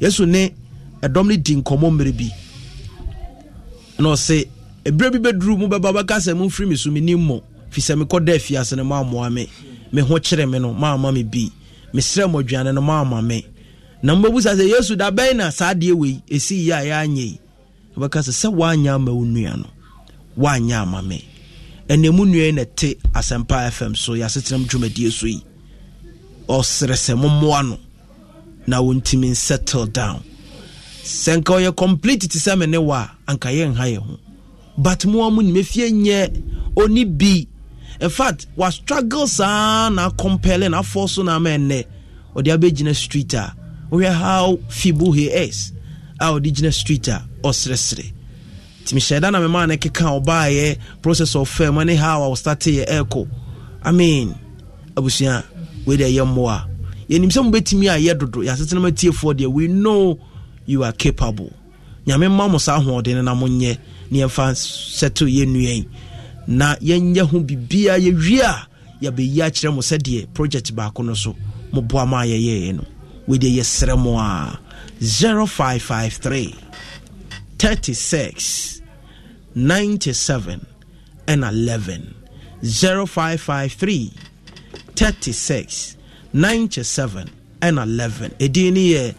yesu ne ɛdɔm no di nkɔmmɔ mmerɛ bi na ɔse ɛberɛ bi bɛduru mu bɛba bɛka sɛ momfiri me so menim mmɔ firi sɛ mekɔ da afiase no maammoa me me ho kyerɛ me no maama me bi mesrɛ mɔ aduane no maama me na mobɛbu sa sɛ yesu da bɛn na saa adeɛ wei ɛsii yɛ a yɛanyɛ yi wobɛka sɛ sɛ woanyɛ ama wo nnua no woanyɛ ama me ɛnna mu yi na te asɛmpa fm so yɛasetenam dwumadie so yi ɔsere sɛ mommoa no na wɔntumi settle down sɛ nka ɔyɛ complete te sɛ me ne wɔ a anka yɛnha yɛ ho but moa mu nim ɛfie nyɛ ɔni bi in fact wastruggle saa na compele na afɔ so na ama ɛnnɛ ɔde abɛgyina street a wohwɛ how feeble he is a ɔde gyina street a ɔseresere timihyɛ da na mema ne keka ɔbaayɛ process of fam ne how a wɔstateɛ ɛɛkɔ amen abusua wei ɛyɛ mmoa yɛnim sɛ mobɛtumi a dodo yɛasetena matiefoɔ deɛ we know you are capable nyame ma mo saa ahoɔden na monyɛ ne yɛmfa sɛto yɛ nnuan na yɛnyɛ ho biribiaa yɛwie a yɛbɛyi akyerɛ mo sɛdeɛ project baako no so moboa ma yɛyɛeɛ no wei yɛserɛ mo a 0553 36 97 and 11 0553 36 97 and 11 ɛdin ne yɛ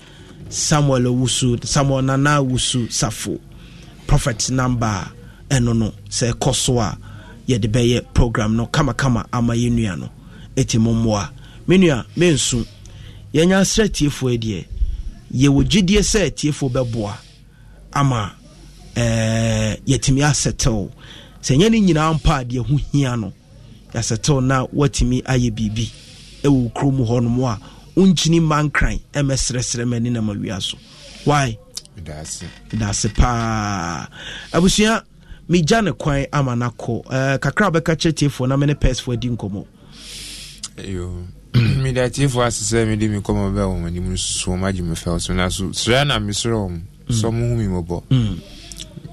samuel wusu samuel nana wusu Safu. prophet number ɛno no sɛ ɛkɔ so a program no kama ama yɛ nua no ɛti mo mmoa me nua mensu yɛnya asrɛ atiefoɔ deɛ yɛwɔ gyidie sɛ atiefoɔ bɛboa ama eh, yɛtumi asɛtew sɛ ɛnyɛ ne nyinaa mpa a deɛ ho hia no yɛasɛtew na woatumi ayɛ biribi ɛwɔ kuro mu hɔ no mu a wonkyini ma nkran ɛmɛserɛserɛ m'ani nam awia so wae dase paa abusua megya ne kwan ama no akɔ uh, eh, kakra bɛka kyerɛ tiefoɔ na mene pɛsfoɔ adi nkɔmmɔ mede atiefoɔ ase sɛ mede me kɔmmɔ bɛ wɔ m'anim no susuo magye me fɛw so nanso serɛ na meserɛ wɔ mu Mm. Some mm. who hu mi mmɔbɔ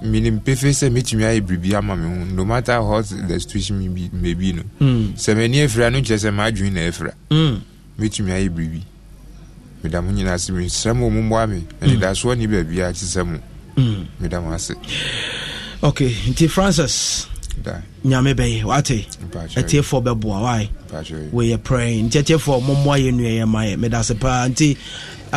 minim pefe sɛ metumi ayɛ biribi ama me ho no matter how the situation may be no mm. sɛ m'ani afira no kyerɛ sɛ m'adwene na afira metumi ayɛ biribi meda mo nyinaa ase mesrɛ mo mommoa me anidasoɔ ne baabiaa te sɛ mo meda mo ase ok nti francis nyame bɛyɛ wate atiefoɔ bɛboa wae weyɛ praying. nti atiefoɔ mommoa yɛ nnuayɛ ma yɛ meda ase paa nti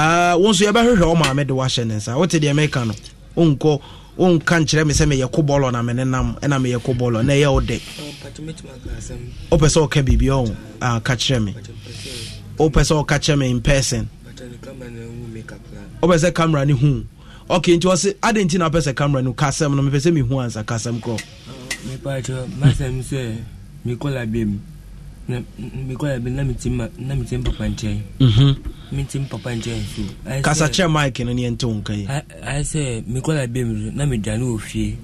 Ah, wo so yɛbɛhwehwɛ wo maame de woahyɛ ne nsa wote deɛ meka no wonkɔ wonka nkyerɛ me sɛ meyɛ ko bɔlɔ na mene nam ɛna ko na ɛyɛ wo o wopɛ sɛ woka biribia wo ah, ka kyerɛ me wopɛ sɛ woka kyerɛ me in person wopɛ sɛ hu nti nti na sɛ kasɛm no sɛ hu ansa kasɛm na mekɔyɛ mm-hmm. bi na metim mm-hmm. ma na metim papa nkyɛn metim papa nkyɛn so kasa kyerɛ mike no neɛnte wo nka yi ayɛ sɛ mekɔla bem so na medwane wɔ fie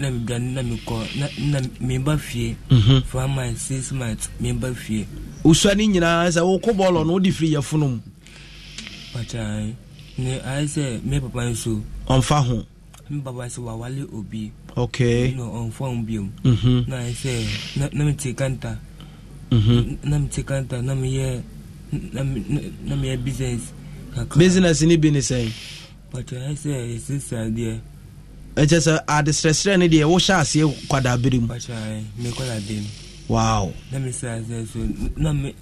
na medwane na mekɔ na meba fie five months six months meba fie wosuane nyinaa sɛ wokɔ bɔɔlɔ no wode firi yɛfono mu pakyae ne ayɛ sɛ me papa nso ɔmfa ho me papa sɛ wawale obi ok na ɔmfa ho biom mm-hmm. na ayɛ sɛ na mete kanta Mm-hmm. na te kanta na meyɛ na meyɛ business kakra business ne bi ne sɛn pato ɛ sɛ yɛsi sadeɛ ɛkyɛ sɛ ade serɛserɛ ne deɛ wohyɛ aseɛ kwadabere mu pato ɛ mekɔdabere mu wow na mesɛ aseɛ so na me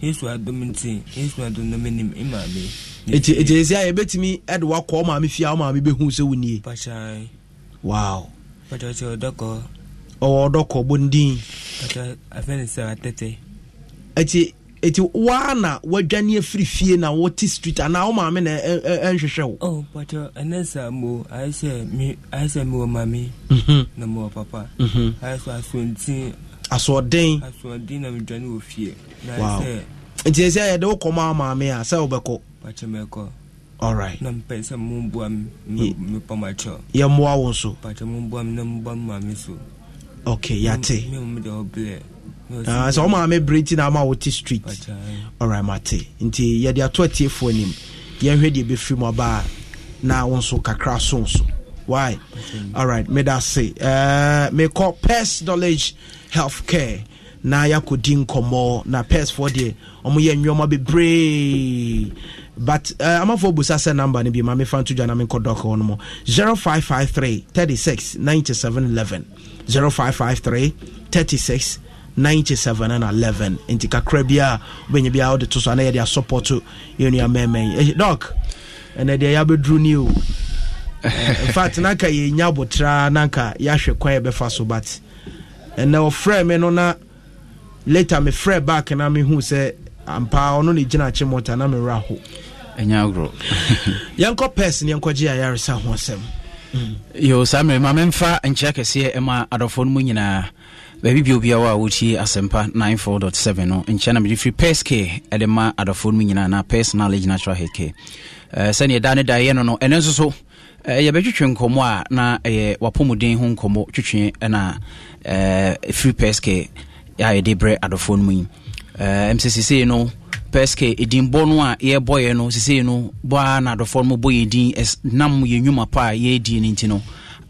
yesu adom nti yesu adom na menim maame ɛti ɛti ɛsi a yɛbɛtumi ɛde wakɔ ɔmaame fie a ɔmaame bɛhu sɛ wonie pato ɛ wow pato ɛ sɛ ɔdɔkɔ ɔwɔ dɔ bɔ ndin ɛti ɛti waa na wadwane afiri fie na wɔte street anaa wo maame na ɛnhwehwɛ wo patɔ oh, uh, ɛnɛ sa mo mi mhm. na mewɔ papa mhm. ayɛ sɛ asɔnten na na medwane wɔ fie nti ɛsɛ yɛde wo kɔma maame a sɛ na mpɛ sɛ momboa me so okay yate sɛ ɔma me bere nti na ama wote street ɔri uh, mate nti yɛde ato atiefoɔ anim yɛnhwɛ deɛ bɛfiri mu abaa na wo nso kakra so so why alright meda se uh, mekɔ pest knowledge health care na yɛakɔdi nkɔmmɔ na persfoɔ deɛ ɔmoyɛ nnwɔma bebree but uh, eh, amafoɔ busa sɛ number no bi ma mefa nto dwa na menkɔdɔkɔ no mu 0553 36 97 11 0553 36 97 and 11 nti kakra bi a wobɛnya biaa wode to so ana yɛde asɔpɔto yɛnua mɛmɛn eh, dok ɛnɛ deɛ yɛabɛduru ni o eh, infact na anka yɛnya abotra na anka yɛahwɛ kwan yɛbɛfa so but ɛnɛ ɔfrɛ me no na later me mefrɛ back na mehu sɛ ampa ɔno ne gyina akye mɔta na mewerɛ ho ɛnyɛ agorɔ yɛnkɔ pɛs ne yɛnkɔgye ayaresa ho asɛm yo saa mmerɛ ma memfa nkyea kɛseɛ ɛma adɔfoɔ no mu nyinaa baabi bia obiawa a wɔtie asɛmpa 94.7 no nkyɛ na mede firi pes care ɛde ma adɔfoɔ no mu nyinaa na pes knowledge natural head care uh, sɛneɛ da ne daeɛ no no ɛno nso so yɛbɛtwetwe nkɔmmɔ a na ɛyɛ wapɔmuden ho nkɔmmɔ twetwe ɛna ɛfiri pes care a yɛde brɛ adɔfoɔ no mu yi msesisei no pɛske edinbɔ no a yɛbɔyɛ no sesei no bɔa na adɔfoɔ no mobɔ yɛ din nam yɛ nnwuma pa a yɛdi no nti no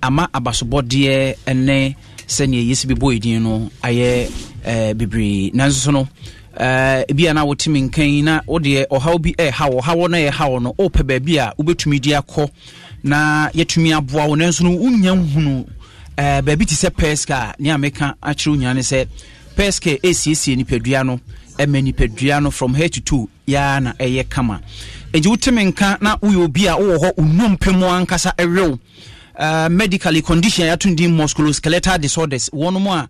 ama abasobɔdeɛ ne sɛneɛ yɛsi bi bɔ yɛ din no ayɛ eh, bebree nanso so no Uh, bia na wotumi nkan na wodeɛ ɔhaw bi ɛha ɔhaw haw no ɛha no wopɛ baabi a wobɛtumi de akɔ na yɛtumi aboa wo nanso no wonya hunu uh, baabi te sɛ persk a ne a meka akyerɛ wonya sɛ persk ɛsiesie nipadua no ɛma nipadua no from h to yɛa na ɛyɛ kama ɛnti wotumi nka na woyɛ obi a wowɔ hɔ onum pɛmu ankasa ɛwew uh, medically condition yɛato musculoskeletal disorders wɔnom a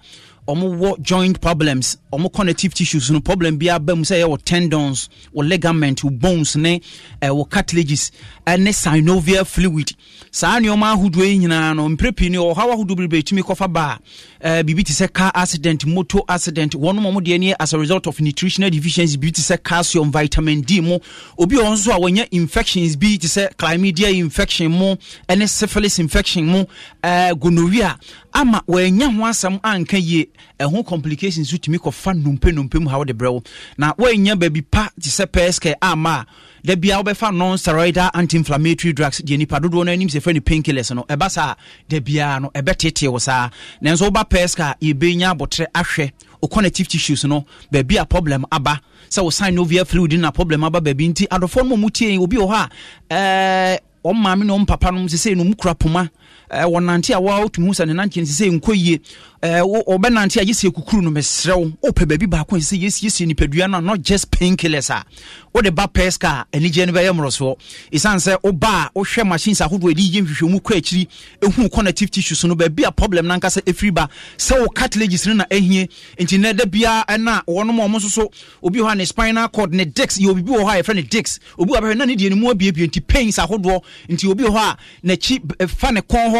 ɔmowɔ joint problems ɔmo connective tissues no problem bi aba mu sɛ ɛyɛ wɔ tendons wɔ ligament wɔ bones ne uh, cartilages ne synovial fluid saa nneɛma ahodoɔ yi nyinaa no mprɛpii ne ɔhaw ahodoɔ bebree tumi kɔfa ba a biribi te sɛ car accident moto accident wɔnom ɔmo deɛ ne as a result of nutritional deficiency biribi te sɛ calcium vitamin d Mo, obi ɔn nso a wɔnya infections bi te sɛ chlamydia infection mo, ne syphilis infection mu uh, gonorrhea ama wɔanya ho asɛm anka yie ɛho complications so tumi kɔfa nnompe nnompe mu ha wode brɛ wo na wɔanya baabi pa te sɛ pɛskɛ ama a da bia wobɛfa non steroidal anti-inflammatory drugs deɛ nipa dodoɔ no anim sɛ fɛ no painkillers no ɛba saa da biaa no ɛbɛtetee wo saa nanso woba pesca yɛbɛnya abotere ahwɛ o tissues no baabi a problem aba sɛ wo synovial fluid na problem aba baabi nti adɔfoɔ no ma mu tie obi wɔ hɔ a wɔn ne wɔn papa no sesei no mu poma Eh, wɔnante a wotumi hu sɛ ne nankyɛ no sɛ sɛ nkɔ yie eh, wɔbɛnante a yɛsɛ kukuru no mesrɛ wo wopɛ baabi baako ɛ sɛ yɛsiesie nipadua no a not just painkillers a wode ba pesca a anigyeɛ no bɛyɛ mmorɔsoɔ ɛsiane sɛ woba a wohwɛ machines ahodoɔ ɛde yɛ nhwehwɛmu kɔ akyiri ɛhu connective tissues no baabi a problem no ankasa ɛfiri ba sɛ wo cartilages no na ahie nti nnɛ da biara ɛna wɔnom ɔmo nso so obi hɔ a ne spinal cord ne dix yɛ obibi wɔ hɔ a yɛfrɛ no dix obi wɔ bɛhwɛ na ne deɛ ne mu abiebie nti pains ahodoɔ nti obi wɔ hɔ a n'akyi fa ne kɔn hɔ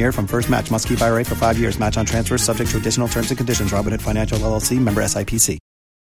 year from first match. Must keep IRA for five years. Match on transfers subject to additional terms and conditions. Robinhood Financial LLC member SIPC.